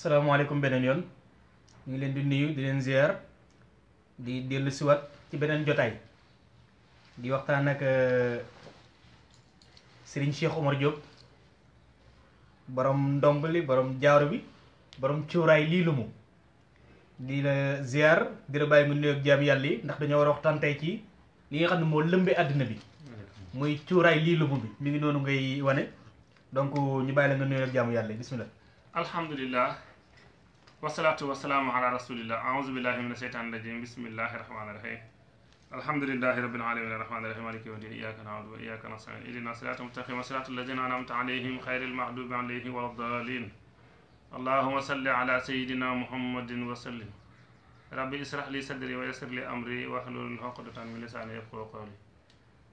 salaamaaleykum beneen yoon mu ngi leen di nuyu di leen ziar di dell siwaat ci beneen jotaay di waxtaan ak euh, Serigne Cheikh Omar Diop borom ndombali borom jaaro bi boroom cuuraay lii lu mu di la ziar di la bàyyi mu nuyoog jaam yàlla yi ndax dañoo war a waxtaan tey ci li nga xam ne moo lëmbee àddina bi muy cuuraay lii lu bi mi ngi noonu ngay wane donc ñu bàyyi la nga nuyoog jaamu yàlla yi bismillah alhamdulilah wasalaatu wasalaamu ala rasulillah aousubillahi min asheytaan rajim bismillahi rahmaani rahim alhamdulilahi rabbil alamin rahmaani rahim maliki yawmi din iyaka na'budu wa iyaka nasta'in ihdina sirata mustaqima sirata alladina an'amta alayhim xayril mahdubi alayhim wala dalin allahuma salli ala sayidina muhammadin wa sallim rabbi israh li sadri wa yassir li amri wahlul uqdatan min lisani yafqahu qawli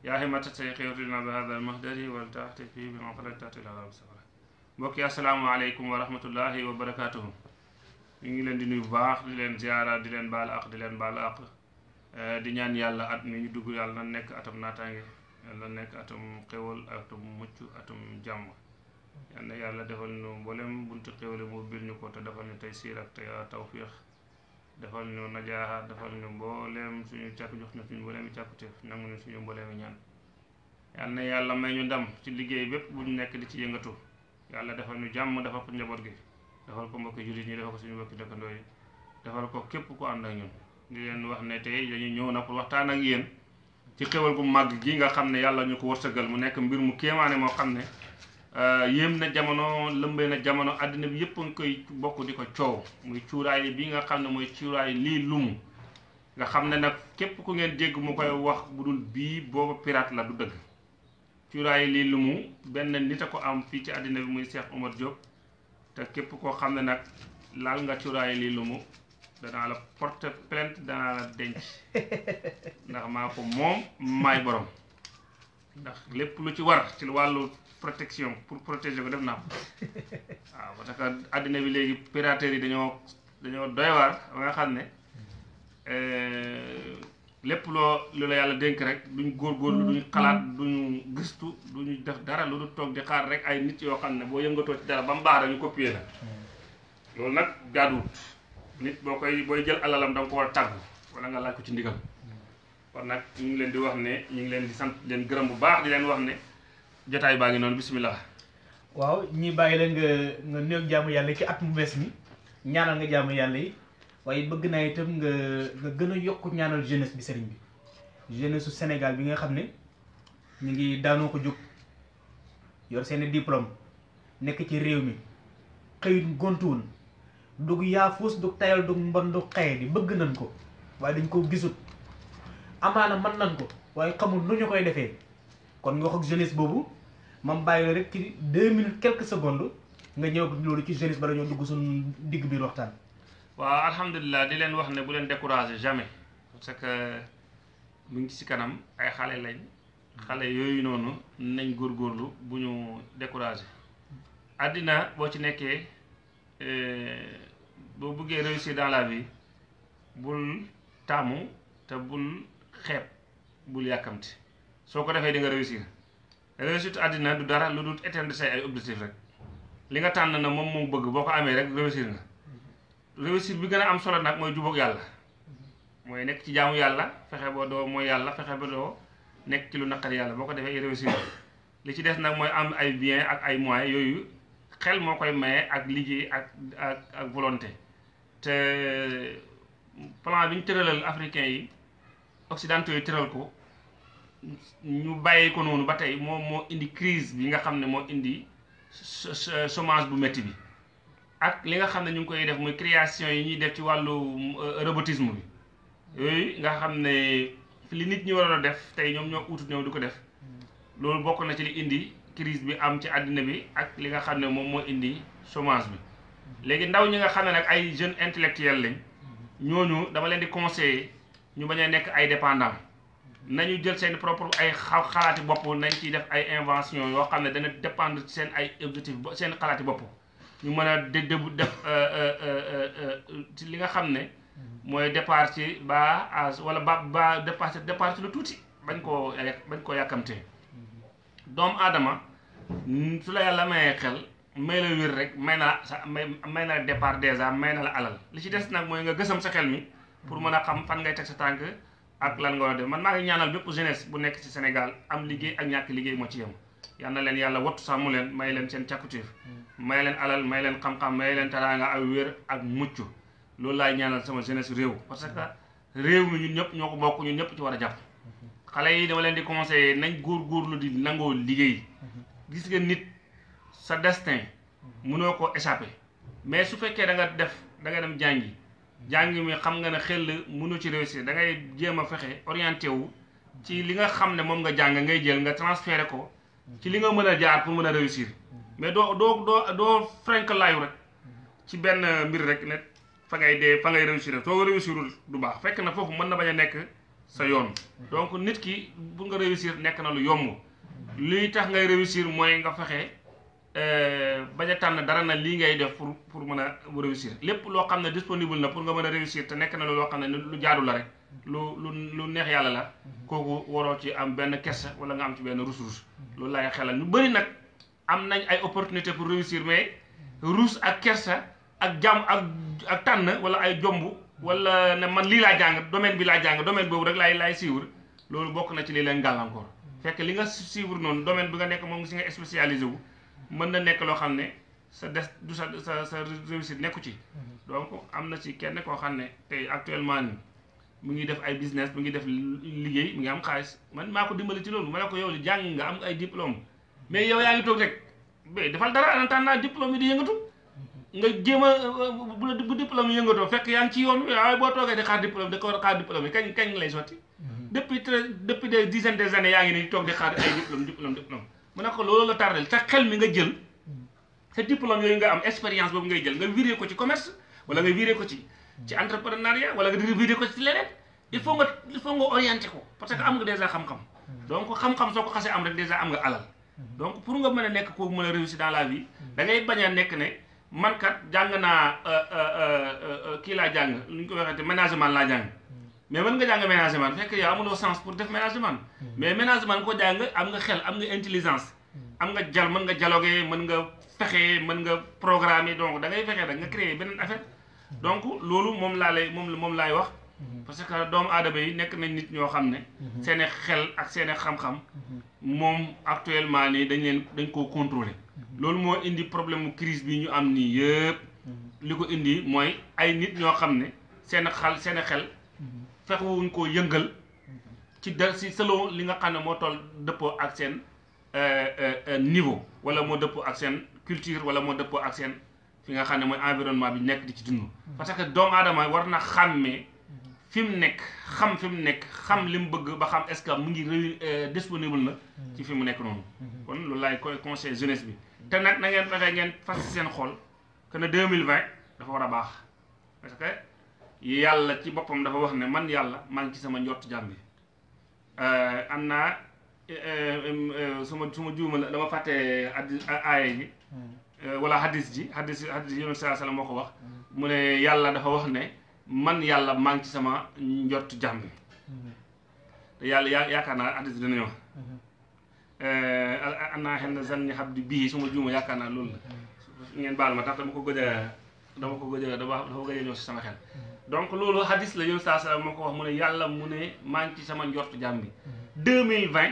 yaa himmata shaykhi ihdiنا bihadha al-mahdi wal tahti fi bi maqalati tahti al-arab mbokk yi asalaamaaleykum wa rahmatullahi wa barakaatuhu ñu ngi leen di nuyu bu baax di leen ziara di leen baal ak di leen baal ak eh, di ñaan yàlla at mi ñu dugg yàlla na nekk atam naataange yàlla na nekk atam xéwal atam mucc atum jàmm na yàlla defal ñu mboolem buntu xéwale mu bil ñu ko te defal ñu tey siir ak tey uh, tawfiix defal ñu najaaxa defal ñu mbooleem suñu càkk jox na suñu mbooleem i càkkuteef nangu ñu suñu mbooleem i ñaan yal na yàlla may ñu dam ci liggéey bépp bu ñu nekk di ci yëngatu yàlla defal ñu jàmm defal ko njaboot gi defal ko mbokki jullit ñi defal ko suñu mbokki dëkkandoo defal ko képp ku ànd ak ñun di leen wax ne tey dañu ñëw na pour waxtaan ak yéen ci xéwal gu màgg gi nga xam ne yàlla ñu ko wërsëgal mu nekk mbir mu kéemaane moo xam ne euh, yéem na jamono lëmbee na jamono àddina bi yëpp nga koy bokk di ko coow muy cuuraay bi nga xam ne mooy cuuraay lii lumu nga xam ne nag képp ku ngeen dégg mu koy wax bu dul bii booba pirate la du dëgg cuuraay lii lu mu benn nit a ko am fii ci àddina bi muy Cheikh Omar Diop te képp koo xam ne nag laal nga cuuraay lii lu mu danaa la porte plainte danaa la denc ndax maa ko moom maay borom ndax lépp lu ci war ci wàllu protection pour protéger ko def naa ko waaw parce àddina bi léegi pirateur yi dañoo dañoo doy waar ba nga xam ne euh, lépp loo lu la yàlla dénk rek duñ góorgóorlu mm-hmm. duñ xalaat duñu gëstu duñu def dara lu du toog di xaar rek ay nit yoo xam ne boo yëngatoo ci dara ba mu baax dañu copier mm-hmm. nag jaaduwut nit boo koy booy jël alalam da nga ko war a nga laaj ko ci ndigal mm-hmm. kon nag ñu ngi leen di wax ne ñu ngi leen di sant leen gërëm bu baax di leen wax ne jotaay baa ngi noonu bisimilah. waaw ñi bàyyi leen nga nga nuyoog jaamu yàlla ki at mu bees mi ñaanal nga jaamu yàlla yi. waaye bëgg naa itam nga nga gën a yokk ñaanal jeunesse bi sëriñ bi jeunesse su Sénégal bi nga xam ne ñu ngi daanoo ko jóg yor seeni diplôme nekk ci réew mi xëyut gontuwul dug yaafuus dug tayal dug mbon dug xaye di bëgg nañ ko waaye dañ ko gisut amaana man nañ ko waaye xamul nu ñu koy defee kon nga wax ak jeunesse boobu mam bàyyi rek ci deux minutes quelques secondes nga ñëw ak loolu ci jeunesse bala ñoo dugg suñu digg biir waxtaan waaw alhamdulilah di leen wax ne bu leen découragé jamais parce que mu ngi ci kanam ay xale lañ xale yooyu noonu nañ góor góorlu bu ñu découragé àddina boo ci nekkee euh, boo bëggee réussir dans la vie bul taamu te bul xeeb bul yàkkamti soo ko defee di nga réussir réussite àddina du dara lu dul éteindre say ay objectif rek li nga tànn na moom moom bëgg boo ko amee rek réussir nga réussite bi gën a am solo nag mooy jubóog yàlla mooy nekk ci jaamu yàlla fexe ba doo mooy yàlla fexe ba doo nekk ci lu naqari yàlla boo ko defee réussite li ci des nag mooy am ay bien ak ay moyens yooyu xel moo koy maye ak liggéey ak ak ak volonté te plan bi ñu tëralal africain yi occidente yi tëral ko ñu bàyyi ko noonu ba tey moom moo indi crise bi nga xam ne moo indi chômage bu métti bi ak li nga xam ne ñu ngi koy def muy création yi ñuy def ci wàllu euh, robotisme bi yooyu nga xam ne li nit ñi waroon a def tey ñoom ñoo utut ñoom di ko def loolu bokk na ci li indi crise bi am ci àddina bi ak li nga xam ne moom moo indi chômage bi léegi ndaw ñi nga xam ne nag ay jeunes intellectuels lañ ñooñu dama leen di conseiller ñu bañ a nekk ay dépendant nañu jël seen propre ay xaw xalaati bopp nañ ciy def ay invention yoo xam ne dana dépendre ci seen ay objectif seen xalaati bopp ñu mën a dé def euh, euh, euh, ci li nga xam ne mm-hmm. mooy départ ci ba as wala ba baa départ départ ci lu tuuti bañ koo bañ koo yàkkamtee mm-hmm. doomu aadama su la yàlla mayee xel may la wér rek may na sa may may na la départ dèjà may na la alal li ci des nag mooy nga gësam sa xel mi pour mën a xam fan ngay teg sa tànk ak lan nga war def man maa ngi ñaanal bépp jeunesse bu nekk ci Sénégal am liggéey ak ñàkk liggéey moo ci yem yal na leen yàlla wot sàmm leen may leen seen càkkutéef hmm. may leen alal may leen xam-xam may leen teraanga ak wér ak mucc loolu laay ñaanal sama jeunesse réew parce que réew mi ñun ñëpp ñoo ko bokk ñun ñëpp ci war a jàpp hmm. xale yi dama leen di conseiller nañ góorgóorlu di nangoo liggéey hmm. gis nga nit sa destin mënoo ko échappé mais su fekkee danga def da nga dem jàngi jàngi mi xam nga ne xel mënu ci réussir da ngay jéem a fexe orienté wu ci li nga xam ne moom nga jàng ngay jël nga transféré ko ci li nga mën a jaar pour mën a réussir mais doo doo doo doo frank laayu rek ci benn mbir rek ne fa ngay dee fa ngay réussir soo réussirul du baax fekk na foofu mën na bañ a nekk sa yoon donc nit ki bu nga réussir nekk na lu yomb luy tax ngay réussir mooy nga fexe euh, bañ a tànn dara na lii ngay def pour pour mën a réussir lépp loo xam ne disponible na pour nga mën a réussir te nekk na loo xam ne lu jaadu la rek lu lu lu neex yàlla la kooku waroo ci am benn kersa wala nga am ci benn ressource mm-hmm. loolu laay xelal ñu bëri nag am nañ ay opportunité pour réussir mais ruus ak kersa ak jàmm ak ak tànn wala ay jomb wala ne man lii laa jàng domaine bi laa jàng domaine boobu rek laay laay suivre loolu bokk na ci lii leen gàllankoor fekk li nga suivre noonu domaine bi nga nekk moom si nga spécialisé wu mën na nekk loo xam ne sa des du sa sa sa réussite nekku ci mm-hmm. donc am na ci kenn koo xam ne tey actuellement nii mu ngi def ay business mu ngi def liggéey mu ngi am xaalis man maa ko dimbali ci loolu ma ne ko yow li jàng nga am ay diplôme mais yow yaa ngi toog rek mais defal dara en attendant diplôme yi di a bu la bu diplôme fekk yaa ngi ci yoon boo toogee di xaar diplôme da ko war a mhm. yaa ngi nii toog di xaar ay diplôme diplôme diplôme mu ne ko loolu la tardel sa xel mi nga jël mhm. sa diplôme yooyu nga am expérience boobu ngay jël nga viré ko ci commerce wala nga viré ko ci ci entrepreneuriat wala nga révider ko ci leneen il faut nga il faut nga orienté ko parce que am nga déjà xam-xam hmm. donc xam-xam soo ko xasee am rek déjà am nga alal hmm. donc pour nga mën a nekk kooku mën a réussir dans la vie hmm. da ngay bañ a nekk ne man kat jàng naa euh, euh, euh, kii laa jàng lu ñu ko waxeete management laa jàng mais mën nga jàng management fekk yow amuloo sens pour def management mais management ko jàng am nga xel am nga intelligence am nga jal mën nga dialoguer mën nga fexe mën nga programmer donc da ngay fexe rek nga créer beneen affaire donc loolu moom laa lay moom moom laay wax mhm. parce que doomu aadama yi nekk nañ nit ñoo xam ne mhm. seen xel ak seen i xam-xam mhm. moom actuellement nii dañ leen dañ koo contrôler loolu moo indi problème mu crise bi ñu am nii yëpp li ko indi mooy ay nit ñoo xam ne seen xal seen xel fexewuñ koo yëngal ci da si selon li nga xam ne moo toll dëppoo ak seen euh, euh, euh, niveau wala moo dëppoo ak seen culture wala moo dëppoo ak seen fi nga xam ne mooy environnement bi nekk di ci dund. parce que doomu aadama war na xàmmee fi mu nekk xam fi mu nekk xam li mu bëgg ba xam est mu ngi réu euh, disponible na. ci fi mu nekk noonu. kon loolu laay koy conseil jeunesse bi. te nag na ngeen fexe ngeen fas seen xol que mille 2020 dafa war a baax parce que yàlla ci boppam dafa wax ne man yàlla maa ci sama njort jàmm bi euh, am naa euh, su ma su ma juuma la dama fàtte aaya ji hmm. Euh, wala hadis ji hadis hadis yonent saa sallam moo ko wax mm. mu ne yàlla dafa wax ne man yàlla maa ngi ci sama njott jàmm mm-hmm. te yàlla yaa yaakaar naa hadis dina ñëw ana xen n zanni xab di bii suma juuma yaakaar naa loolu la mm-hmm. ngeen baal ma tax ko gëj a ko gëj a dafa dafa gëj a ñëw si mm-hmm. la moo ko wax mu ne yàlla mu ne maa ci sama njott jàmm bi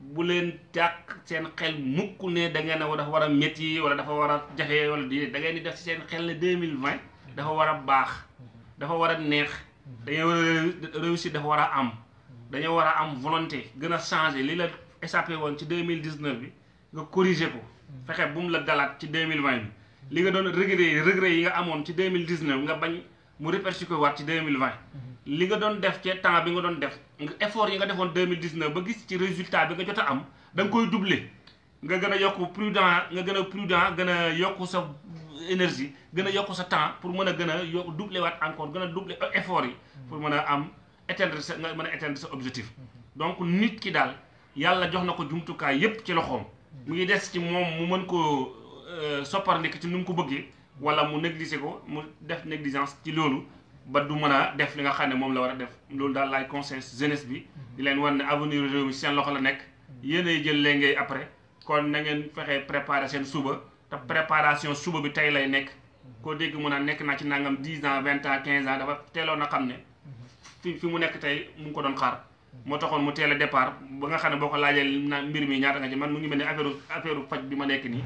bu leen jàkk seen xel mukk ne da ngeen a war a métti wala dafa war a jafe wala di da ngeen di def ci seen xel ne deux mille vingt dafa war a baax dafa war a neex dañoo war a réussir dafa war a am dañoo war a am volonté gën a changer li la échappé woon ci deux mille dix neuf bi nga corriger ko fexe bu mu la dalaat ci deux mille vingt bi li nga doon regret regret yi nga amoon ci deux mille dix neuf nga bañ mu répercuté waat ci deux mille li nga doon def ci temps bi nga doon def nga effort yi nga defoon 2019 ba gis ci résultat bi nga jot am danga koy doubler nga gën a yokk prudent nga gën a prudent gën a yokk sa énergie gën a yokk sa temps pour mën a gën a yokk doubler waat encore gën a doubler euh, effort yi pour mën a am atteindre sa nga mën a atteindre sa objectif donc nit ki daal yàlla jox na ko jumtukaay yépp ci loxoom mu ngi des ci moom mu mën ko euh, soppar nekk ci nu mu ko bëggee wala mu négliger ko mu def négligence ci loolu ba du mën a def li nga xam ne moom la war a def loolu daal laay conscience jeunesse bi mhm. di leen wan ne avenir réew mi seen loxo la nekk mhm. yéenay jël léegi après kon na ngeen fexee préparer seen suba te mhm. préparation suba bi tey lay nekk koo dégg mu naan nekk naa ci nangam 10 ans 20 ans 15 ans dafa teeloon na xam ne fi fi mu nekk tey mu ngi ko doon xaar moo taxoon mu teel a départ ba nga xam ne boo ko laajee mbir mi ñaata nga ci man mu ngi mel ne affaire affaire faj bi ma nekk nii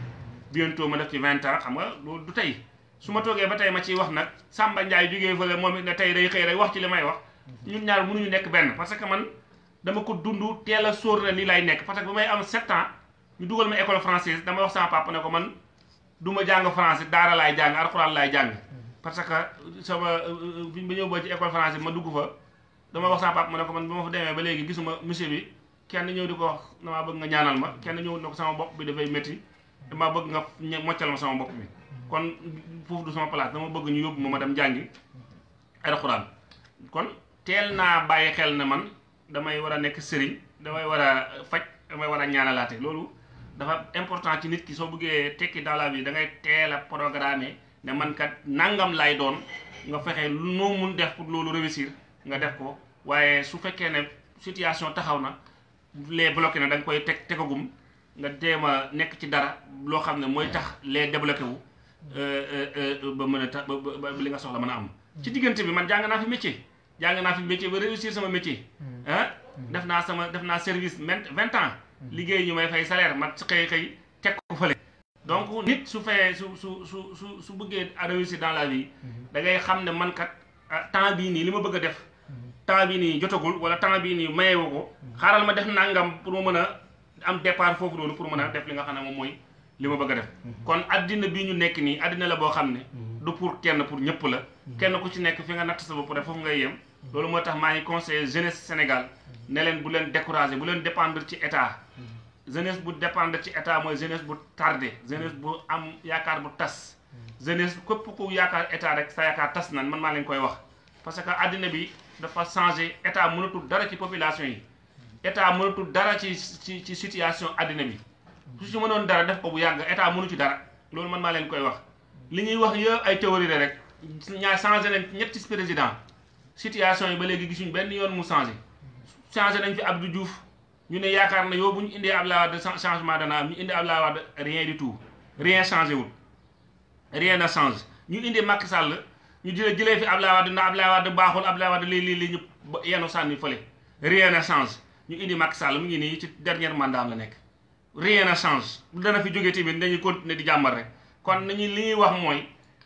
bientôt ma def ci 20 ans xam nga loolu du tey su ma toogee ba tey ma ciy wax nag Samba Ndiaye jógee fële moom it ne tey day xëy rek wax ci li may wax ñun ñaar mënuñu nekk benn parce que man dama ko dund teel a sóor na lii lay nekk parce que ba may am 7 ans ñu dugal ma école française dama wax sama papa ne ko man du ma jàng français daara laay jàng alxuraan laay jàng parce que sama bi ma ñëw ba ci ma dugg fa dama wax sama papa ne ko man ba ma fa demee ba léegi gisuma monsieur bi kenn ñëw di ko wax damaa bëgg nga ñaanal ma kenn ñëw ne ko sama bopp bi dafay métti damaa bëgg nga moccal ma sama bopp bi kon foofu du sama place dama bëgg ñu yóbbu moom ma dem jàngi alxuraan kon teel naa bàyyi xel ne man damay war a nekk sëriñ damay war a faj damay war a ñaanalaate loolu dafa important ci nit ki soo bëggee tekki dans la vie teel a programmer ne man kat nangam lay doon nga fexe noo mun def pour loolu réussir nga def ko waaye su fekkee ne situation taxaw na les bloqué na da koy teg tegagum nga deema nekk ci dara loo xam ne mooy tax les débloqué wu Euh, euh, euh, ba mën a ta ba li nga soxla mën a am ci diggante bi man jàng naa fi métier jàng naa fi métier ba réussir sama métier ah def naa sama def naa service vingt vingt ans mm. liggéey ñu may fay salaire mat xëyee xëy teg ko fële donc nit su feyee su su su su su bëggee réussir dans la vie mm-hmm. da ngay xam ne man kat ah, temps bii nii li ma bëgg def mm-hmm. temps bii nii jotagul wala temps bii nii mayewu ko mm-hmm. xaaral ma def nangam pour ma mën a am départ foofu noonu pour mën a def li nga xam ne moom mooy li ma bëgg def mhm. kon addina bi ñu nekk nii addina la boo xam ne mhm. du pour kenn pour ñëpp la mhm. kenn ku ci nekk fi nga natt sa bopp rek foofu ngay yem loolu moo tax maa ngi conseillé jeunesse Sénégal ne leen bu leen découragé bu leen dépendre ci état jeunesse bu dépendre ci état mooy jeunesse bu tardé jeunesse bu am yaakaar bu tas jeunesse këpp ku yaakaar état rek sa yaakaar tas nan man maa leen koy wax parce que àddina bi dafa changé état mënatul dara ci population yi état mënatul dara ci ci ci situation addina bi su ci mënoon dara def ko bu yàgg état mënu ci dara loolu man maa leen koy wax li ñuy wax yëpp ay théorie la rek ñaa changé nañ ñetti président situation yi ba léegi gisuñ benn yoon mu changé changé nañ fi Abdou juuf ñu ne yaakaar na yow bu ñu indee Abdoulaye Wade changement dana am ñu indi Abdoulaye Wade rien di tout rien changé wul rien na changé ñu indi Macky Sall ñu jëlee jële fi Abdoulaye Wade na Abdoulaye Wade baaxul Abdoulaye Wade lii lii lii ñu yenu sànni na changé ñu indi Macky mu ngi nii ci dernier mandat la nekk rien ne change dana fi jógee tamit dañuy continuer di jàmbar rek kon nañu li ñuy wax mooy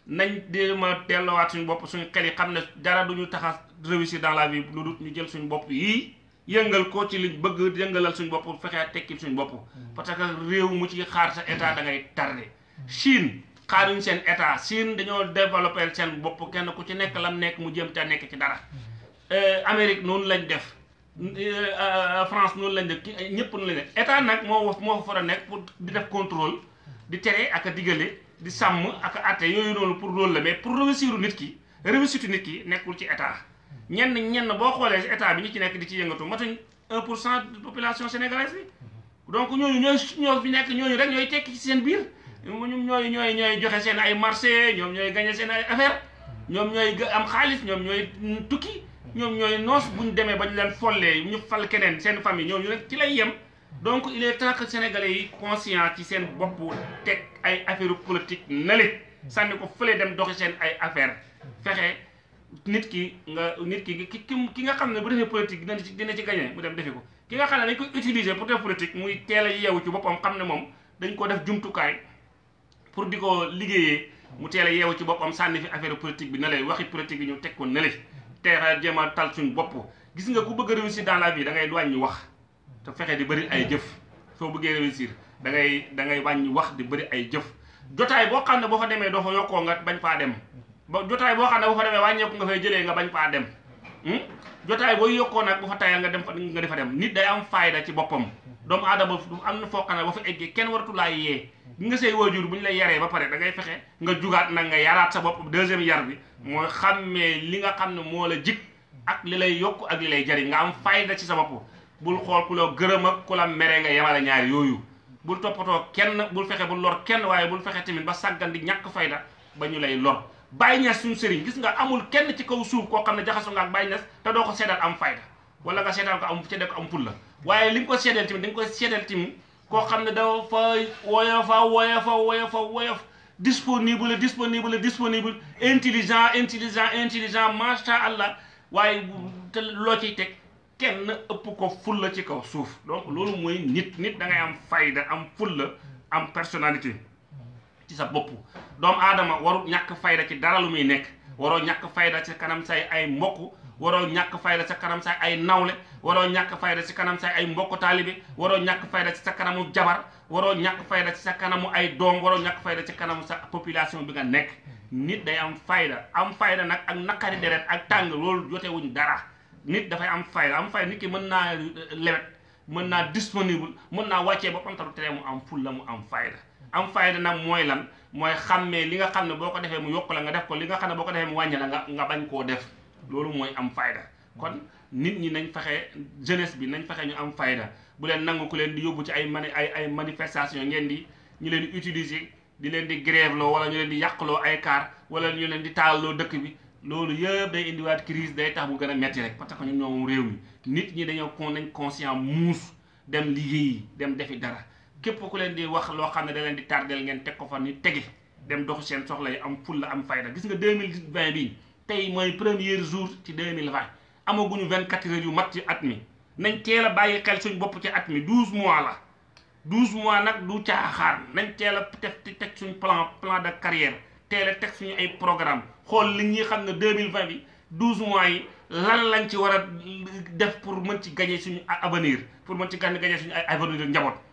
nañ jéem a delluwaat suñu bopp suñu xel yi xam ne dara duñu tax a réussir dans la vie lu dul ñu jël suñu bopp yii yëngal ko ci li bëgg yëngalal suñu bopp fexe tekki suñu bopp mm. parce que réew mu ci xaar sa état da ngay tardé Chine xaaruñ seen état Chine dañoo développé seen bopp kenn ku ci nekk lam nekk mu jëm ca nekk ci dara mm. euh, Amérique noonu lañ def Euh, France noonu lañ def ki ñëpp noonu lañ def état nag moo wax moo fa war a nekk pour di def contrôle di tere ak a digale di sàmm ak a atte yooyu loolu pour loolu la mais pour réussir nit ki réussir nit ki nekkul ci état ñenn ñenn boo xoolee si état bi ñu ci nekk di ci yëngatu matuñ 1 pour cent de population sénégalaise bi donc ñooñu ñooy ñoo fi nekk ñooñu rek ñooy tekki ci seen biir ñoom ñooy ñooy ñooy joxe seen ay marché ñoom ñooy gagné seen ay affaire ñoom ñooy am xaalis ñoom ñooy tukki ñoom ñooy noos bu demee ba ñu leen follee ñu fal keneen seen famille ñooñu rek ci lay yem donc il est temps que sénégalais yi conscient ci seen bopp teg ay affaire politique nale sànni ko fële dem doxi seen ay affaire fexe nit ki nga nit ki ki ki nga xam ne bu defee politique dina ci dina ci gagné mu dem defi ko ki nga xam ne dañ koy utiliser pour def politique muy teel a yeewu ci boppam xam ne moom dañ ko def jumtukaay pour di ko liggéeyee mu teel a yeewu ci boppam sànni fi affaire politique bi nale waxi politique bi ñu teg ko nale teel a jéem bopp gis nga ku bëgg a réussir dans la vie dangay ngay wàññi wax te fexe di bëri ay jëf soo bëggee réussir da ngay da ngay wàññi wax di bëri ay jëf jotaay boo xam ne boo fa demee doo fa yokkoo nga bañ faa dem ba jotaay boo xam ne boo fa demee wàññeeku nga fay jëlee nga bañ faa dem hmm? jotaay booy yokkoo nag bu fa tayal nga dem nga defa dem nit day am faay fayda ci boppam doomu aadama am na foo xam ne boo fa eggee kenn waratu laa yee nga say waajur bu ñu lay yaree ba pare dangay fexe nga jugaat nag nga yaraat sa bopp deuxième bi mooy xàmmee li nga xam ne moo la jik ak li lay yokk ak li lay jariñ nga am fayda ci sama bopp bul xool ku la gërëm ak ku la mere nga yemale ñaari yooyu bul toppatoo kenn bul fexe bul lor kenn waaye bul fexe tamit ba sàggan di ñàkk fayda ba ñu lay lor bàyyi ñas suñu sëriñ gis nga amul kenn ci kaw suuf koo xam ne jaxasoo nga ak bàyyi ñas te doo ko seedal am fayda wala nga seedal ko am def ko am pul la waaye li nga ko seedal tamit da nga ko seedal tamit koo xam ne dafa woyofa woyofa woyofa woyof disponible disponible disponible intelligent intelligent intelligent macha allah waaye te loo ciy teg kenn ëpp ko fulla ci kaw suuf donc loolu mooy nit nit da ngay am fayda am fulla am personnalité ci sa bopp doomu aadama warul ñàkk fayda ci dara lu muy nekk waroo ñàkk fayda ci kanam say ay mbokk waroo ñàkk fayda sa kanam say ay nawle waroo ñàkk fayda ci kanam say ay mbokku taalibe waroo ñàkk fayda ci sa kanamu jabar waroo ñàkk fayda ci sa kanamu ay doom waroo ñàkk fayda ci kanam sa population bi nga nekk nit day am fayda am fayda nag ak naqari deret ak tàng loolu jotewuñ dara nit dafay am fayda am nit ki mën naa euh, lewet mën naa disponible mën naa wàccee boppam te mu am fulla mu am fayda am fayda nag mooy lan mooy xam xàmmee li nga xam ne boo ko defee mu yokk la nga def ko li nga xam ne boo ko defee mu wàññi la nga nga bañ koo def loolu mooy am fayda kon nit ñi nañ faxe jeunesse bi nañ fexe ñu am fayda bu leen nangu ku leen di yóbbu ci ay mani ay ay manifestation ngeen di ñu leen di utiliser di leen di grève loo wala ñu leen di yàqloo ay kaar wala ñu leen di taalloo dëkk bi loolu yëpp day indiwaat crise day tax mu gën a metti rek parce que ñun ñoom réew mi nit ñi dañoo kon nañ conscient muus dem liggéeyi dem defi dara képp ku leen di wax loo xam ne da leen di tardeel ngeen teg ko fa ni tegi dem doxu seen soxla yi am ful la am fayda gis nga 2020 bi tey mooy premier jour ci 2020 amaguñu 24 heures yu mat ci at mi nañ teel a bàyyi xel suñ bopp ci at mi 12 mois la 12 mois nag du caaxaan nañ teel a teg teg suñ plan plan de carrière teel teg suñu ay programme xool li ñuy xam ne mille 2020 bi 12 mois yi lan lañ ci war a def pour mën ci gagner suñu avenir pour mën ci gagner suñu ay avenir njaboot.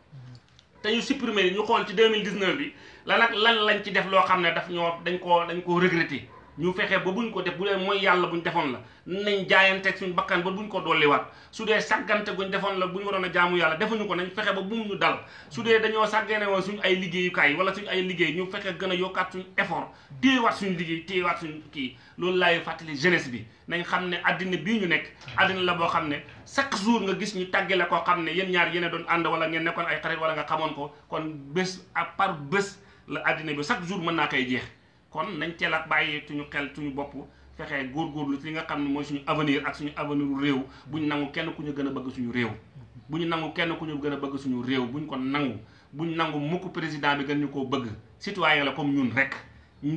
te ñu supprimer ñu xool ci 2019 bi lan ak lan lañ ci def loo xam ne daf ñoo dañ koo dañ koo regretter ñu fexe ba buñ ko def bu dee mooy yàlla buñ defoon la nañ jaayanteeg suñ bakkan ba buñ ko dolliwaat su dee sàggante guñ defoon la bu ñu waroon a jaamu yàlla defuñu ko nañ fexe ba bu ñu dal su dee dañoo sàggane woon suñ ay liggéeyukaay wala suñ ay liggéey ñu fexe gën a yokkaat suñ effort téyewaat suñ liggéey téyewaat suñ kii loolu laay fàttali jeunesse bi nañ xam ne àddina bii ñu nekk addina la boo xam ne chaque jour nga gis ñu tàgge la koo xam ne yéen ñaar yéen doon ànd wala ngeen nekkoon ay xarit wala nga xamoon ko kon bés à bés la addina bi chaque jour mën naa koy jeex kon nañ teel a bàyyi suñu xel suñu bopp fexe góorgóorlu ci li nga xam ne mooy suñu avenir ak suñu avenir réew bu ñu nangu kenn ku ñu gën a bëgg suñu réew bu ñu nangu kenn ku ñu gën a bëgg suñu réew bu ñu ko nangu bu ñu nangu mukk président bi gën ñu koo bëgg citoyen la comme ñun rek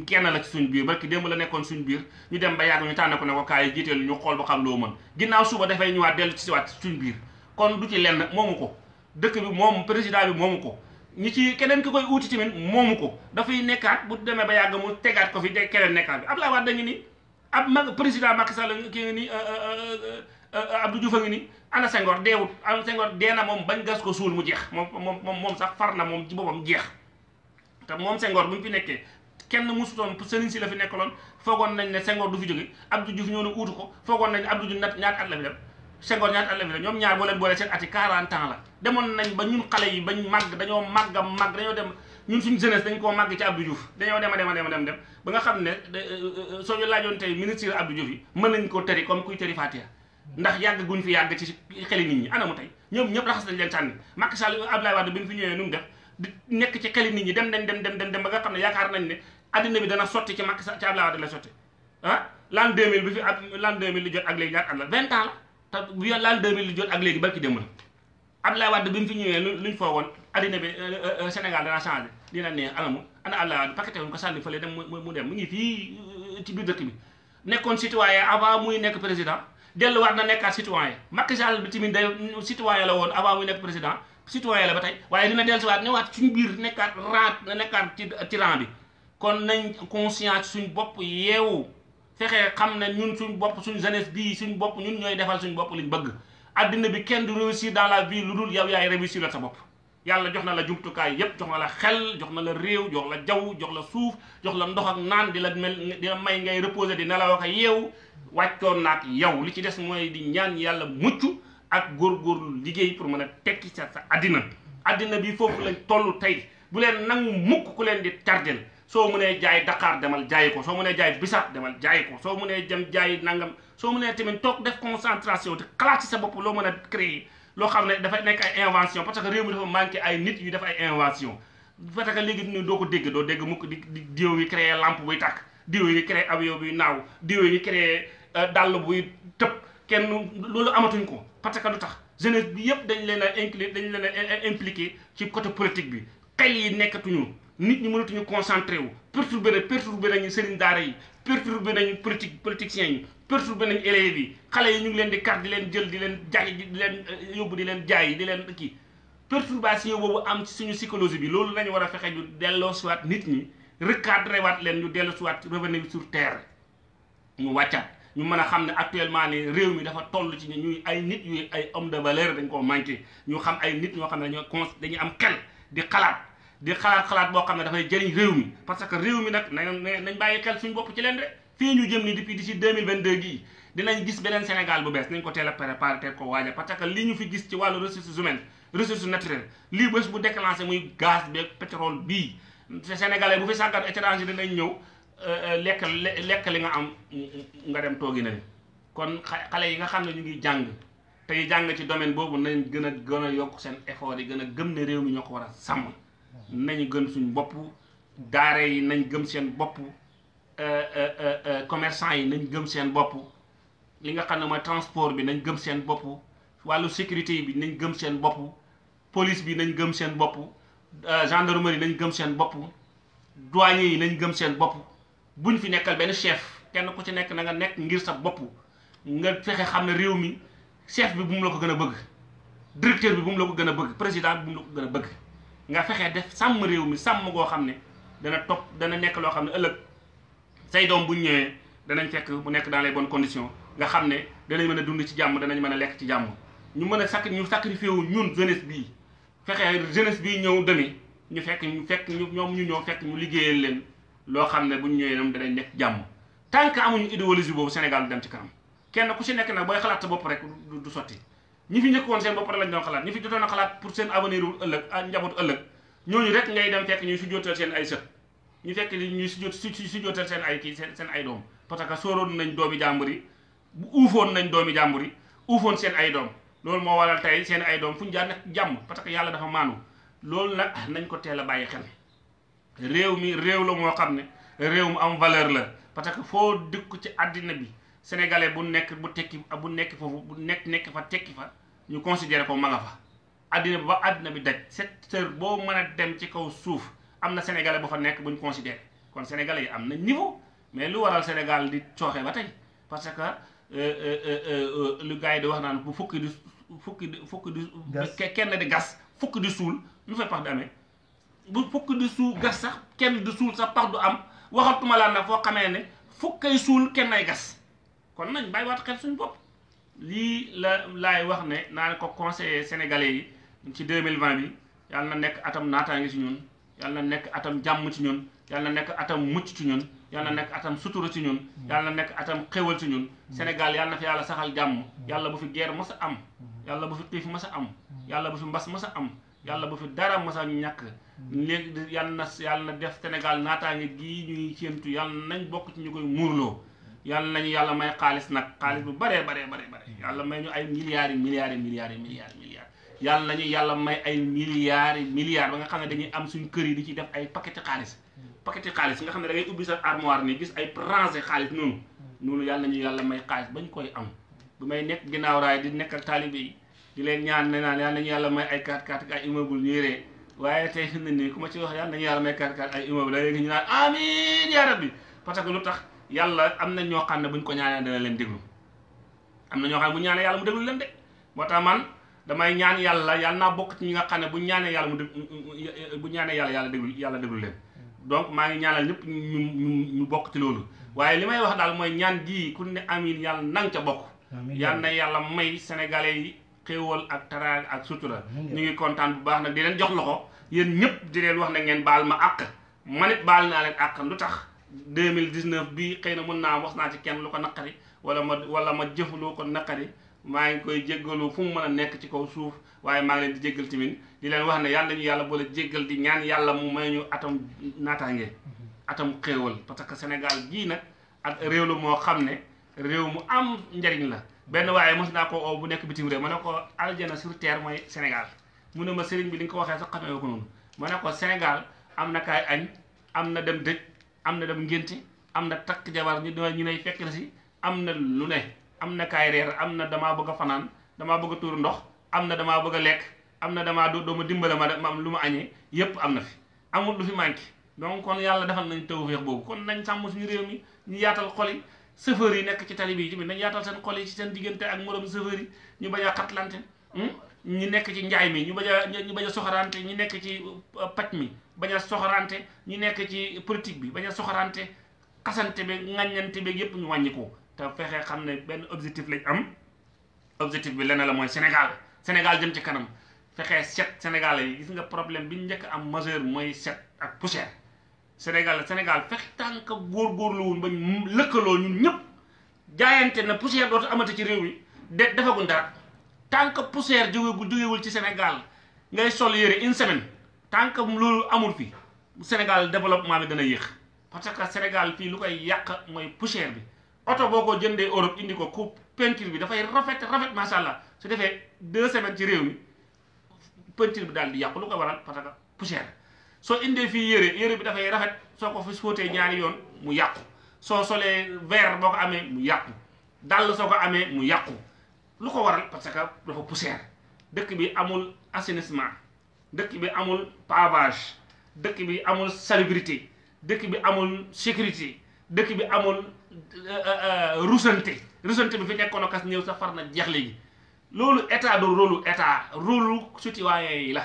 kenn la ci suñ biir barki démb la nekkoon suñu biir ñu dem ba yàgg ñu tànn ko ne ko kaay jiiteelu ñu xool ba xam loo mën ginnaaw suba dafay ñëwaat dellu ci siwaat suñu biir kon du ci lenn moomu ko dëkk bi moom président bi moomu ko ñi ci keneen ki koy uuti tamit moomu ko dafay nekkaat bu demee ba yàgg mu tegaat ko fi de keneen nekkaat bi Abdoulaye Wade da ngi ni ab mag président Macky Sall ki ngi ni euh, euh, euh, Abdou Diouf a ni ana Senghor deewut ana dee na moom bañ gas ko suul mu jeex moom moom moom sax far na moom ci boppam jeex te moom Senghor bu mu fi nekkee kenn musutoon sëriñ si la fi nekkaloon foogoon nañ ne sengoor du fi jóge Abdou Diouf ñoo ne uutu ko foogoon nañ ne Abdou Diouf nat ñaata at la fi dem Senghor ñaata at la fi def ñoom ñaar boo leen boole seen ati 40 ans la demoon nañ ba ñun xale yi bañ màgg dañoo màgg dañoo dem ñun suñu jeunesse dañ koo mag ci Abdou Diouf dañoo a xam ne euh, euh, euh, soo ñu laajoon tey ministre Abdou Diouf yi mën nañ ko tëri comme kuy tëri Fatiha ndax yàgg guñ fi yàgg ci xeli nit ñi anamu tey ñoom ñëpp raxas nañ leen sànni Macky Sall Abdoulaye Wade bi ñu fi ñëwee nu mu def di nekk ci xeli nit ñi dem dem dem dem ba nga xam ne yaakaar nañ ne addina bi dana sotti ci Macky Sall ci Abdoulaye Wade la sotti ah l'an bi fi l'an 2000 li jot ak te bu yoon laal 2000 jot ak léegi barki démb la Abdoulaye Wade bi mu fi ñëwee luñ foogoon addina bi euh, euh, euh, Sénégal dana changé dina ne alamu ana Abdoulaye Wade paqueté wuñ ko sànni fële dem mu dem mu ngi fii ci biir dëkk bi nekkoon citoyen avant muy nekk président delluwaat na nekkaat citoyen Macky Sall bi tamit day citoyen la woon avant muy nekk président citoyen la ba tey waaye dina dellusiwaat ñëwaat suñu biir nekkaat rang nekkaat ci ci rang bi kon nañ conscience suñ bopp yeewu fexe xam ne ñun suñ bopp suñ jeunesse bii suñ bopp ñun ñooy defal suñ bopp liñ bëgg addina bi kenn du réussir dans la vie lu dul yow yaay réussir la sa bopp yàlla jox na la jumtukaay yépp jox na la xel jox na la réew jox la jaw jox la suuf jox la ndox ak naan di la mel di la may ngay reposer di nelaw ak yeewu wàccoon naag yow li ci des mooy di ñaan yàlla mucc ak góor góorgóorlu liggéey pour mën a tekki sa sa àddina àddina bi foofu lañ toll tey bu leen nangu mukk ku leen di tardel soo mënee jaay Dakar demal jaay ko soo mënee jaay bisaab demal jaayi ko soo mënee jëm jaayi nangam soo mënee tamit toog def concentration te xalaat ci sa bopp loo mën a créer loo xam ne dafay nekk ay invention parce que réew mi dafa manqué ay nit yu def ay invention parce que léegi ni doo ko dégg doo dégg mukk di diw yi créer lampe buy tàkk diw yi créer avion buy naaw diw yi créer euh, dàll buy tëb kenn loolu amatuñ ko parce que du tax jeunesse bi yëpp dañ leen a inclure dañ leen a impliqué ci côté politique bi xel yi nekkatuñu nit ñi mënatuñu concentré wu perturbé na perturbé nañu sëriñ daara yi perturbé nañu politique politiciens yi perturbé nañu élèves yi xale yi ñu ngi leen di kar di leen jël di leen jaay di leen euh, yóbbu di leen jaay yi di leen kii perturbation boobu am suñu psychologie bi loolu lañu war a fexe ñu delloosiwaat nit ñi recadré waat leen ñu delloosiwaat revenir sur terre ñu wàccaat ñu mën a xam ne actuellement ne réew mi dafa toll ci ñuy ay nit yu ay homme de valeur dañ koo manqué ñu xam ay nit ñoo xam ne dañoo dañuy am xel di xalaat di xalaat-xalaat boo xam ne dafay jëriñ réew mi parce que réew mi nag nañ nañ bàyyi xel suñu bopp ci leen de fii ñu jëm ni depuis d'ici 2022 gii dinañ gis beneen Sénégal bu bees nañ ko teel a préparé teel ko waaja parce que li ñu fi gis ci wàllu ressources humaines ressources naturelles lii bés bu déclenché muy gaz beeg pétrole bii sénégalais bu fi sàggat étranger dinañ ñëw euh, euh, lekk lekk li nga am nga dem toogi na kon xale yi nga xam ne ñu ngi jàng tey jàng ci domaine boobu nañ gën a gën yokk seen effort yi gën a gëm ne réew mi ñoo ko war a sàmm nañu gën suñ bopp daara yi nañ gëm seen bopp euh, euh, euh, commerçant yi nañ gëm seen bopp li nga xam ne mooy transport bi nañ gëm seen bopp wàllu sécurité bi nañ gëm seen bopp police bi nañ gëm seen bopp yi nañ gëm seen bopp douanier yi nañ gëm seen bopp buñ fi nekkal benn chef kenn ku ci nekk na nga nekk ngir sa bopp nga fexe xam ne réew mi chef bi bu mu la ko gën a bëgg directeur bi bu mu la ko gën a bëgg président bi bu la ko gën a bëgg nga fexee def sàmm réew mi sàmm goo xam ne dana topp dana nekk loo xam ne ëllëg say doom bu ñëwee danañ fekk bu nekk dans les bonnes conditions nga xam ne danañ mën a dund ci jàmm danañ mën a lekk ci jàmm ñu mën a sac ñu sacrifié wu ñun jeunesse bii fexe jeunesse bii ñëw demi ñu fekk ñu fekk ñu ñoom ñu ñëw fekk ñu liggéeyal leen loo xam ne buñ ñëwee ñoom danañ nekk jàmm tant que amuñu idéologie boobu Sénégal du dem ci kanam kenn ku si nekk nag booy xalaat sa bopp rek du sotti ñi fi njëkk woon seen bopp rek lañ doon xalaat ñi fi jotoon a xalaat pour seen avenir wu ëllëg ak njabootu ëllëg ñooñu rek ngay dem fekk ñuy sujjóotal seen ay sët ñu fekk li ñuy sujjóot sujjóotal seen ay kii seen seen ay doom parce que sóoroon nañ doomi jàmbur yi uufoon nañ doomi jàmbur yi uufoon seen ay doom loolu moo waral tey seen ay doom fu ñu jaar jàmm parce que yàlla dafa maanu loolu nag nañ ko teel a bàyyi xel réew mi réew la moo xam ne réew mu am valeur la parce que foo dëkk ci àddina bi sénégalais bu nekk bu tekki bu nekk foofu bu nekk nekk fa tekki fa ñu considéré ko manga fa addina bi ba addina bi daj secteur boo mën a dem ci kaw suuf am na sénégalais boo fa nekk buñ considéré kon sénégalais yi am na niveau mais lu waral sénégal di cooxee ba tey parce que euh, euh, euh, lu gars yi di wax naan bu fukki di fukki di fukki di gas fukki di suul nu fay pax di amee bu fukki gas sax kenn di suul sax pax du am waxatuma laa nag foo xamee ne fukkay suul kenn ay gas kon nañ bàyyiwaat xel suñ bopp lii la lay wax ne naa ko conseiller sénégalais yi ci 2020 bi yàlla na nekk atam naataange ci ñun yàlla na nekk atam jàmm ci ñun yàlla na nekk atam mucc ci ñun yàlla nekk atam sutura ci ñun yàlla na nekk atam xéwal ci ñun Sénégal yàlla na fi yàlla saxal jàmm yàlla bu fi guerre mës a am yàlla bu fi xiif mës a am yàlla bu fi mbas mës a am yàlla bu fi dara mës a ñàkk léegi yàlla na yàlla na def Sénégal naataange gii ñuy séentu yàlla nañ bokk ci ñu koy muurloo yàlla nañu yàlla may xaalis nag xaalis bu baree baree baree bare mm-hmm. yàlla may ñu ay milliards yi milliards yi milliards yi milliards milliards yàlla may ay milliards yi ba nga xam ne dañuy am suñ kër di ci def ay paqueti xaalis mm-hmm. paqueti xaalis nga xam ne da ngay ubbi sa armoire ni gis ay rangé xaalis noonu mm-hmm. noonu yàlla nañu yàlla may xaalis bañ koy am bu may nekk ginnaaw raay di nekk ak taalibe yi di leen ñaan ne naan yàlla nañu yàlla may ay 4 x ay ma wax yàlla nañu yàlla may 4 x yàlla am na ñoo xam ne buñ ko ñaanee dana leen déglu am na ñoo xam ne bu ñaanee yàlla mu déglu leen de moo tax man damay ñaan yàlla yàlla naa bokk ci nga xam ne bu ñaanee yàlla mu déglu bu ñaanee yàlla yàlla déglu yàlla déglu leen donc maa ngi ñaanal ñëpp ñu ñu ñu bokk ci loolu waaye li may wax daal mooy ñaan ji ku ne amiin yàlla nan ca bokk yàlla na yàlla may sénégalais yi xéewal ak taraag ak sutura ñu ngi kontaan bu baax nag di leen jox loxo yéen ñëpp di leen wax na ngeen baal ma àq ma it baal naa leen àq lu tax deux mille dix neuf bii xëy na mën naa wax naa ci kenn lu ko naqari wala ma wala ma jëf lu ko naqari maa ngi koy jéggalu fu mu mën a nekk ci kaw suuf waaye maa ngi leen di jéggal tamit di leen wax ne yàlla ñu yàlla boole jéggal di ñaan yàlla mu may ñu atam naataange atam xéewal parce que Sénégal gii nag ak réew la moo xam ne réew mu am njariñ la benn waaye mos naa ko oo bu nekk bitim réew ma ne ko aljana sur terre mooy Sénégal mu ne ma sëriñ bi li ko waxee sax xamee ko noonu ma ne am na dem ngénte am na takk jabar ñu ñu lay fekk na am na lu ne am na kaay reer am na damaa bëgg a fanaan damaa bëgg tuur ndox am na damaa bëgg lekk am na damaa doo ma dimbale ma ma am lu ma añee am na fi amul lu fi manqué donc kon yàlla defal nañ tawfeex boobu kon nañ sàmm suñu réew mi ñu yaatal xol yi chauffeur yi nekk ci tali bi tamit nañ yaatal seen xol yi ci seen diggante ak morom chauffeur ñu bañ a xatlante hmm? ñu nekk ci njaay mi ñu bañ a ñu bañ a soxaraante ñu nekk ci uh, paj mi bañ a soxorante ñu nekk ci politique bi bañ a soxorante xasante beeg ŋàññante beeg yépp ñu wàññi te fexe xam ne benn objectif lañ am objectif bi leneen la mooy Sénégal Sénégal jëm ci kanam fexe set Sénégal yi gis nga problème bi ñu njëkk am majeur mooy set ak poussière Sénégal Sénégal fexe tànk góorgóorlu wuñ ba lëkkaloo ñun ñëpp jaayante na poussière dootu amata ci réew mi de defaguñ dara tànk poussière jógewul jógewul ci Sénégal ngay sol yére une semaine. tant que loolu amul fi Sénégal développement bi dana yéex parce que Sénégal fii lu koy yàq mooy poussière bi oto boo ko jëndee Europe indi ko ku peinture bi dafay rafet rafet macha allah su defee deux semaines ci réew mi bi daal di yàqu lu koy waral parce que poussière soo indee fii yére yére bi dafay rafet soo ko fi ñaari yoon mu yàqu soo solee verre boo amee mu yàqu dàll soo ko amee mu yàqu lu ko waral parce que dafa poussière dëkk bi amul assainissement. dëkk bi amul pavage dëkk bi amul salubrité dëkk bi amul sécurité dëkk bi amul euh, euh, euh, rusante rusante bi fi nekkoon a kas ñëw sa far na jeex léegi loolu état du rôlu état rôlu citoyen yi la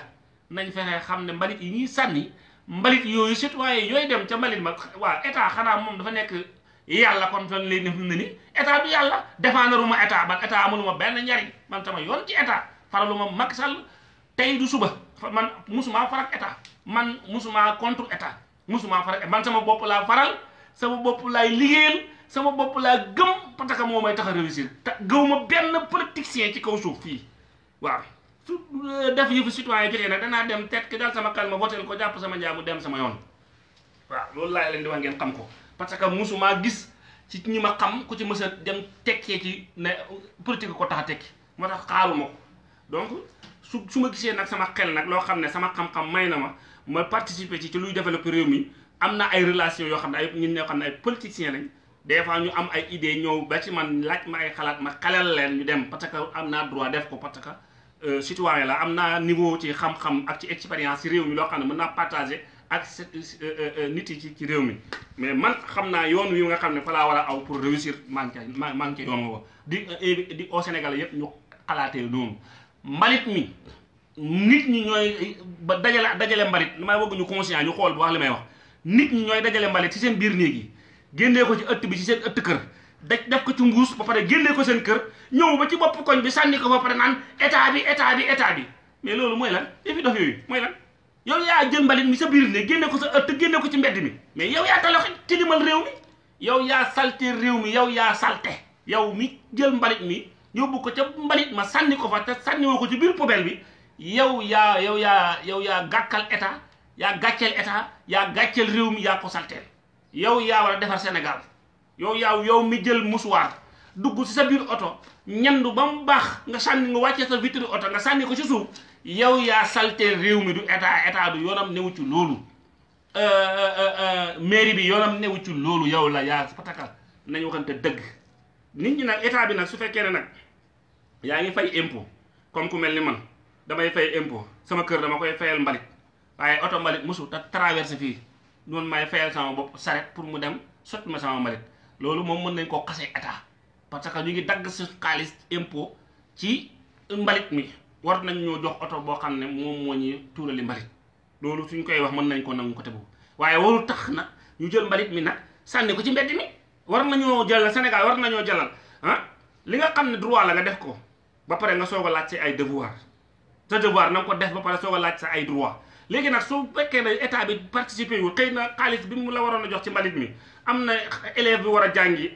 nañ fexe xam ne mbalit yi ñuy sànni mbalit yooyu citoyen yooyu dem ca mbalit ma waa état xanaa moom dafa nekk yàlla kon fan lay def na ni état du yàlla défendre ma état ban état ma benn njariñ man sama yoon ci état faralu ma Macky Sall tey du suba man musuma faral état man musuma contre état musuma faral man sama bopp laa faral sama bopp laay liggéeyal sama bopp laa gëm parce que moo may tax a réussir te gëw ma benn politicien ci kaw suuf fii waaw su euh, def yëfu citoyen jotee nag danaa dem tet ki sama kal ma votel ko jàpp sama njaamu dem sama yoon waaw loolu laay leen di wax ngeen xam ko parce que musuma gis ci ñi ma xam ku ci mës a dem tekkee ci ne politique ko tax a tekki moo tax xaaruma ko su su ma gisee nag sama xel nag loo xam ne sama xam-xam may na ma ma participer ci ci luy développer réew mi am na ay relation yoo xam ne ay ñun ñoo xam ne ay politiciens des fois ñu am ay idées ñëw ba ci man laaj ma ay xalaat ma xelal leen ñu dem parce que am naa droit def ko parce que euh, citoyen la am naa niveau ci xam-xam ak ci expérience ci réew mi loo xam ne mën naa partager ak euh, euh, nit yi ci ci réew mi mais man xam naa yoon wi nga xam ne fa laa war a aw pour réussir manqué manqué yoon wo di di au Sénégal yëpp ñu xalaatee noonu mbalit mi nit ñi ñooy ba dajale dajale mbalit damaa bëgg ñu conscient ñu xool bu wax li may wax nit ñi ñooy dajale mbalit ci seen biir néeg yi génnee ko ci ëtt bi ci seen ëtt kër daj def ko ci mbuus ba pare génnee ko seen kër ñëw ba ci bopp koñ bi sànni ko ba pare naan état bi état bi état bi mais loolu mooy lan yëfi dof yooyu mooy lan yow yaa jël mbalit mi sa biir ne génnee ko sa ëtt génne ko ci mbedd mi mais yow yaa talox tilimal réew mi yow yaa salte réew mi yow yaa salte yow mi jël mbalit mi yóbbu ko ca mbalit ma sànni ko fa te sànni woo ko ci biir poubelle bi yow yaa yow yaa yow yaa gàkkal état yaa gàcceel état yaa gàcceel réew mi yaa ko salteel yow yaa war a defar Sénégal yow yaa yow mi jël musuwaar dugg ci sa biir oto ñandu ba mu baax nga sànni nga wàccee sa vitre oto nga sànni ko ci suuf yow yaa salteel réew mi du état état du yoonam newu ci loolu euh, euh, euh, mairie bi yoonam newu ci loolu yow la yaa patakal nañu waxante dëgg nit ñi nag état bi nag su fekkee na nag yaa ngi fay impôt comme ku mel ni man damay fay impôt sama kër dama koy fayal mbalit waaye oto mbalit mosu te traversé fii noonu may fayal sama bopp saret pour mu dem sotti ma sama mbalit loolu moom mën nañ koo xasee état parce que ñu ngi dagg si xaalis impo ci mbalit mi war nañ ñoo jox oto boo xam ne moom moo ñuy tuurali mbalit loolu suñ koy wax mën nañ koo nangu côté boobu waaye warul tax na ñu jël mbalit mi nag sànni ko ci mbedd mi war nañoo jëlal Sénégal war nañoo jëlal ah li nga xam ne droit la def ko ba pare nga soog a laaj sa ay devoir sa devoir na nga ko def ba pare soog laaj sa ay droit léegi nag su fekkee ne état bi participer wu xëy na xaalis bi mu la waroon a jox ci mbalit mi am na élève bi war a jàngi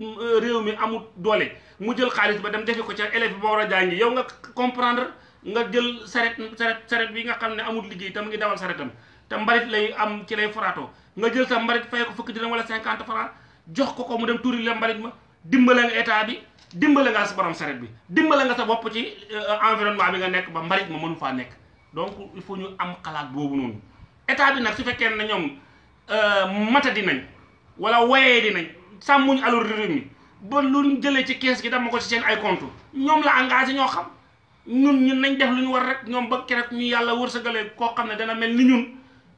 euh, réew mi amul doole mu jël xaalis ba dem defi ko ca élève bi ba war a jàngi yow nga comprendre nga jël saret saret saret bi nga xam ne amul liggéey tam ngi dawal saretam te mbalit lay am ci lay foraatoo nga jël sa mbalit fay ko fukki dina wala cinquante franc jox ko ko mu dem tuuri la ma dimbale état bi dimbale nga sa borom saret bi dimbale nga sa bopp ci euh, environnement bi nga nekk ba mbari ma mënu faa nekk donc il faut ñu am xalaat boobu noonu état bi nag su fekkee ne ñoom euh, matadi nañ wala wayee di nañ sàmmuñ alal réew mi ba luñ jëlee ci kees gi dama ko ci seen ay compte ñoom la engagé ñoo xam ñun ñun nañ def lu ñu war rek ñoom ba keroog ñu yàlla wërsëgale koo xam ne dana mel ni ñun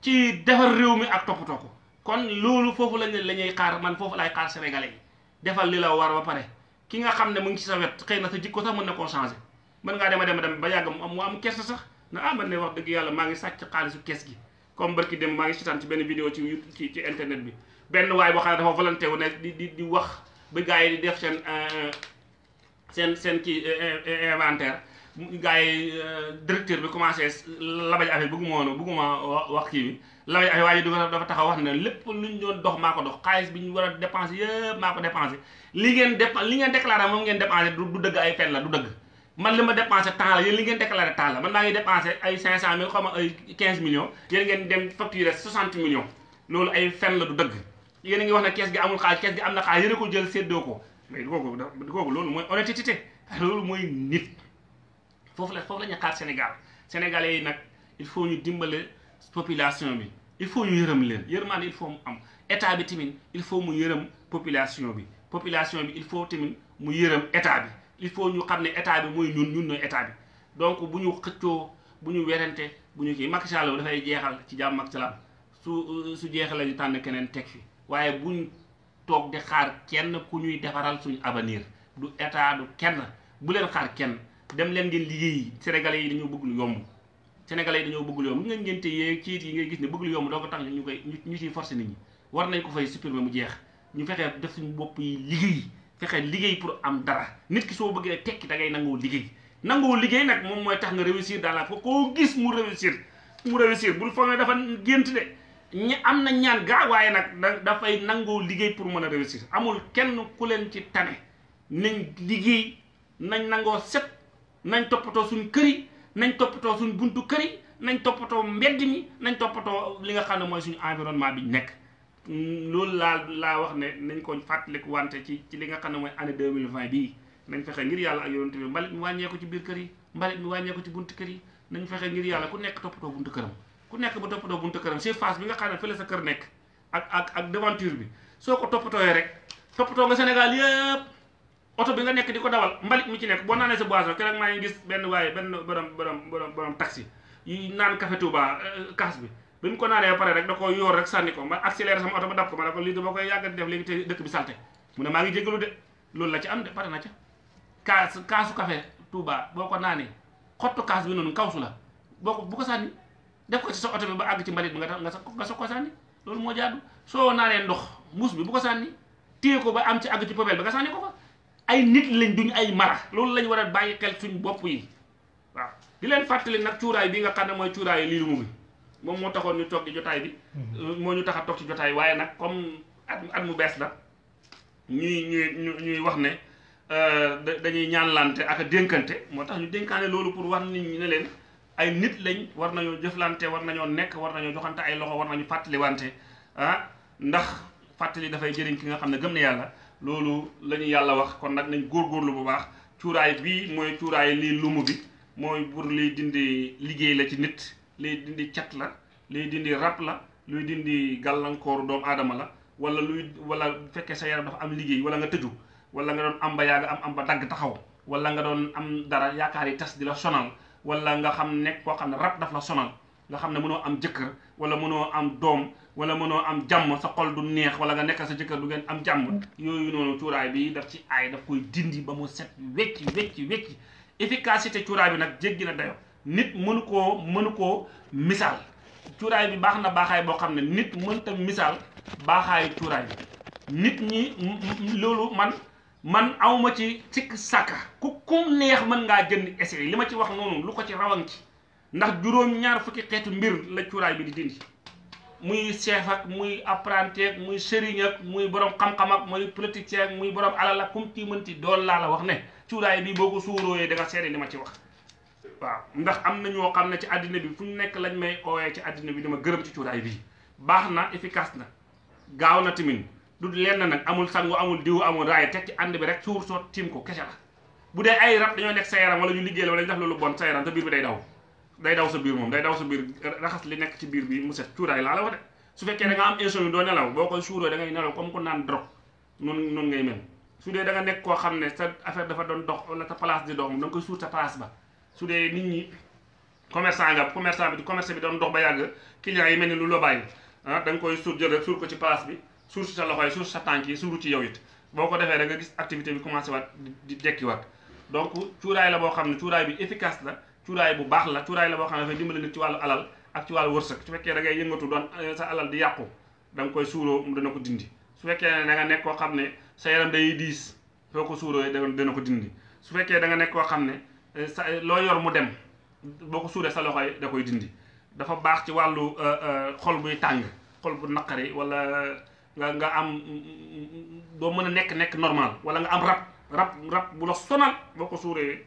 ci defar réew mi ak toppatoo ko kon loolu foofu lañ la ñuy xaar man foofu lay xaar sénégalais yi defal li la war ba pare ki nga xam ne mu ngi ci sa wet xëy na sa jikko sax mën na koo changé mën ngaa dema dema dem ba yàgg mu am mu am kees sax na ah man ne wax dëgg yàlla maa ngi sàcc xaalisu kees gi comme barki dem maa ngi seetaan ci benn vidéo ci ci ci internet bi benn waay boo xam ne dafa volonté wu ne di di di wax ba gaa yi di def seen euh, euh, seen seen kii euh, inventaire gars yi directeur bi commencé labaj affaire bëgguma woon bëgguma wax kii bi labaj affaire waaye dafa taxaw wax na lépp luñ doon dox maa ko dox xaalis bi ñu war a dépense yëpp maa ko dépensé li ngeen dép li ngeen déclaré moom ngeen dépensé du dëgg ay fen la du dëgg man li ma dépensé temps la yéen li ngeen déclaré temps la man maa ngi dépensé ay 500000 xaw ma ay 15 millions yéen ngeen dem facturé 60 millions loolu ay fen la du dëgg yéen a ngi wax ne kees gi amul xaalis kees gi am na xaalis yéen a ko jël séddoo ko mais kooku kooku loolu mooy honnêteté loolu mooy nit foofu la foofu la ñu xaar Sénégal sénégalais yi nag il faut ñu dimbale population bi il faut ñu yërëm leen yërmaande il faut mu am état bi tamit il faut mu yërëm population bi population bi il faut tamit mu yërëm état bi il faut ñu xam ne état bi muy ñun ñun ñooy état bi donc bu ñu xëccoo bu ñu werante bu ñu kii Macky Sall dafay jeexal ci jàmm ak la su euh, su jeexal lañu tànn keneen teg fi waaye buñ toog di xaar kenn ku ñuy defaral suñu avenir du état du kenn bu leen xaar kenn dem leen ngeen liggéey sénégalais yi dañoo bëgg lu yomb sénégalais yi dañoo bëgg lu yomb nga ngénte yee ciit yi ngay gis ne bëgg lu yomb doo ko tax ñu koy ñu ciy forcé nit ñi war nañ ko fay supprimer mu jeex ñu fexe def suñu bopp yi liggéey fexe liggéey pour am dara nit ki soo bëggee tekki da ngay nangoo liggéey nangoo liggéey nag moom mooy tax nga réussir dans la fo koo gis mu réussir mu réussir bul foog ne dafa gént de ñi am na ñaan gaa waaye nag dafay nangoo liggéey pour mën a réussir amul kenn ku leen ci tane nañ liggéey nañ nangoo set nañ toppatoo suñ kër yi nañ toppatoo suñ buntu kër nañ toppatoo mbedd mi nañ toppatoo li nga xam ne mooy suñu environnement bi nekk loolu laa laa wax ne nañ ko fàttaliku wante ci ci li nga xam ne mooy année deux mille vingt bii nañ fexe ngir yàlla ak yonent bi mbalit mi wàññeeku ci biir kër yi mbalit mi wàññeeku ci buntu kër yi nañ fexe ngir yàlla ku nekk toppatoo buntu këram ku nekk ba toppatoo buntu këram surface bi nga xam ne fële sa kër nekk ak ak devanture bi soo ko toppatooyee rek toppatoo nga Sénégal yëpp oto bi nga nekk di ko dawal mbalit mi ci nekk boo naanee sa boisson maa ngi gis benn waaye benn borom borom borom borom taxi yi naan café Touba euh, kaas bi bi ko naanee pare rek da ko yoor rek sànni ko ma accéléré sama oto ba ma ne ko lii dama loolu la am de pare na ca kaas kaasu café Touba boo ko naanee xottu kaas bi noonu kawsu la boo bu ko sànni def ko ci sa bi ba àgg ci mbalit bi nga nga nga soog ko sànni loolu moo jaadu soo naanee ndox mbuus bi bu ko sànni téye ko ba am ci àgg ci poubelle ba nga sànni ko fa ay nit lañ duñ ay mara loolu lañ war a bàyyi xel suñ bopp yi waaw di leen fàttali nag cuuraay bi nga xam ne mooy cuuraayu lii lu mu bi moom moo taxoon ni toog jotaay bi mhm. moo ñu tax a toog ci jotaay waaye nag comme at at mu bees la ñuy ñuy ñuy wax ne euh, dañuy ñaanlante ak a dénkante moo tax ñu dénkaane loolu pour wax nit ñi ne leen ay nit lañ war nañoo jëflante war nañoo nekk war nañoo joxante ay loxo war nañu fàttaliwante ah ndax fàttali dafay jëriñ ki nga xam ne gëm na yàlla loolu lañu yàlla wax kon nag góor góorgóorlu bu baax cuuraay bii mooy cuuraay lii lumu bi mooy pour liy dindi liggéey ci nit luy dindi cat la luy dindi rab la luy dindi gàllankoor doomu aadama la wala luy wala bu fekkee sa yaram dafa am liggéey wala nga tëju wala nga doon am ba nga am am ba dagg taxaw wala nga doon am dara yaakaar yi tas di la sonal wala nga xam nekk koo xam ne rab daf la sonal nga xam ne mënoo am jëkkër wala mënoo am doom wala mënoo am jàmm sa xol du neex wala nga nekk sa jëkkër du ngeen am jàmm yooyu noonu cuuraay bi daf ci aay daf koy dindi ba mu set wecc wecc wecc efficacité cuuraay bi nag jéggi na dayo nit mënu koo mënu koo misaal cuuraay bi baax na baaxaay boo xam ne nit mënta misaal baaxaayu cuuraay bi nit ñi loolu man man awma ci sikk sàkka ku kum neex mën ngaa jënd essai li ma ci wax noonu lu ko ci rawan ci ndax juróom ñaar fukki xeetu mbir la cuuraay bi di dindi muy chef ak muy apprenti ak muy sëriñ ak muy borom xam-xam ak muy politicien ak muy borom alal ak kum ci mënti dool laa la wax ne cuuraay bi boo ko suurooyee da nga li ma ci wax waaw ndax am na ñoo xam ne ci àddina bi fu nekk lañ may oowee ci àddina bi dama gërëm ci cuuraay bii baax na efficace na gaaw na tamit du lenn nag amul sangu amul diwu amul raay teg ci ànd bi rek suur soot tiim ko kese la bu dee ay rab dañoo nekk sa yaram wala ñu liggéey la wala ñu def loolu bon sa yaram sa biir bi day daw day daw sa biir moom day daw sa biir raxas li nekk ci biir bi mu set cuuraay laa la wax de su fekkee da am insomnie doo nelaw boo koy suuroo da ngay nelaw comme ku naan drogue noonu noonu ngay mel su dee da nga nekk koo xam ne sa affaire dafa doon dox wala sa place di dox moom da nga koy su dee nit ñi commerçant nga commerçant bi commerce bi doon dox ba yàgg client yi mel ni lu la bàyyi ah koy suur jël rek suur ko ci place bi suur si sa loxo yi suur sa tànk yi suuru ci yow it boo ko defee rek nga gis activité bi commencé waat di dekkiwaat donc cuuraay la boo xam ne cuuraay bi efficace la cuuraay bu baax la cuuraay la boo xam ne dafay dimbali nit ci wàllu alal ak ci wàllu wërsëg su fekkee da ngay yëngatu doon eh, sa alal di yàqu da koy suuroo mu dana ko dindi su fekkee ne nga nekk koo xam ne sa yaram diis soo ko suuroo dana ko dindi su fekkee da nga nekk koo xam ne sa loo yor mu dem boo ko suuree sa loxo yi da koy dindi dafa baax ci wàllu euh, euh, xol buy tàng xol bu naqari wala nga nga am doo mën a nekk nekk normal wala nga am rab rab rab bu la sonal boo ko suuree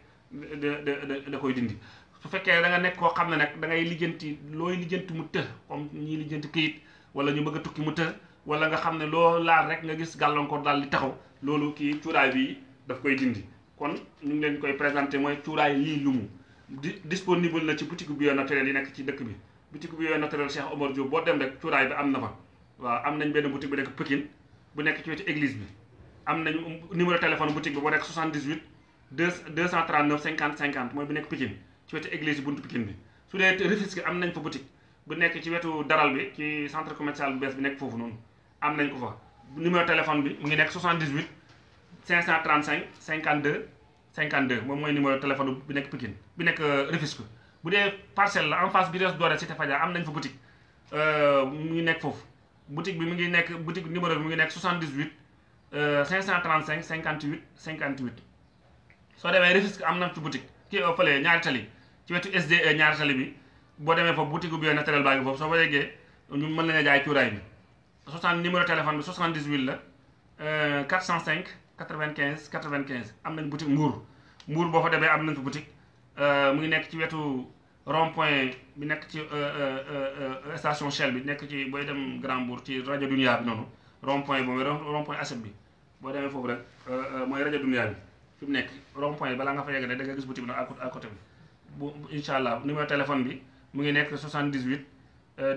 da koy dindi su fekkee da nga nekk koo xam ne nag da ngay lijjanti looy lijjanti mu të comme ñii lijjanti këyit wala ñu bëgg a tukki mu të wala nga xam ne loo laal rek nga gis gàllankoor daal di taxaw loolu kii cuuraay bi daf koy dindi kon ñu ngi leen koy présenté mooy cuuraay lii lumu di disponible na ci boutique bio naturel yi nekk ci dëkk bi boutique bio naturel Cheikh Omar Diop boo dem rek cuuraay bi am na fa waaw am nañ benn boutique bu ci wetu église bi am nañ numéro téléphone boutique bi boo nekk 78 239 50 50 mooy bu nekk Pikine ci wetu église buntu bi su dee Rufisque am nañ fa boutique bu nekk ci wetu daral bi ci centre commercial bu bees bi nekk foofu noonu am nañ ko fa numéro téléphone bi mu ngi nekk 78 535 52 52 moom mooy numéro téléphone bi nekk Pikine bi nekk euh, Rufisque bu dee parcelle la en face bi des doore cité Fadia am nañ fa boutique euh, mu ngi nekk foofu boutique bi mu ngi nekk boutique numéro bi mu ngi nekk 78 535 58 58 soo demee Rufisque am na ci boutique kii fële ñaari tali ci wetu SDE ñaari tali bi boo demee foofu boutique bi naturel baa ngi foofu soo fa mën nañu jaay cuuraay bi 60 numéro téléphone bi 78 la 405 euh, 95 95 am nañ boutique mbuur Mbour boo fa demee am nañ fa boutique euh, mu ngi nekk ci wetu rond point bi nekk ci euh, euh, station Shell bi nekk ci booy dem Grand Mbour ci rajo Dunia bi noonu rond point boobu rond point ACEP bi boo demee foofu rek mooy rajo Dunia bi fi mu nekk rond point balaa nga fa yegg da nga gis boutique bi nag à côté bi bu incha allah numéro téléphone bi mu ngi nekk 78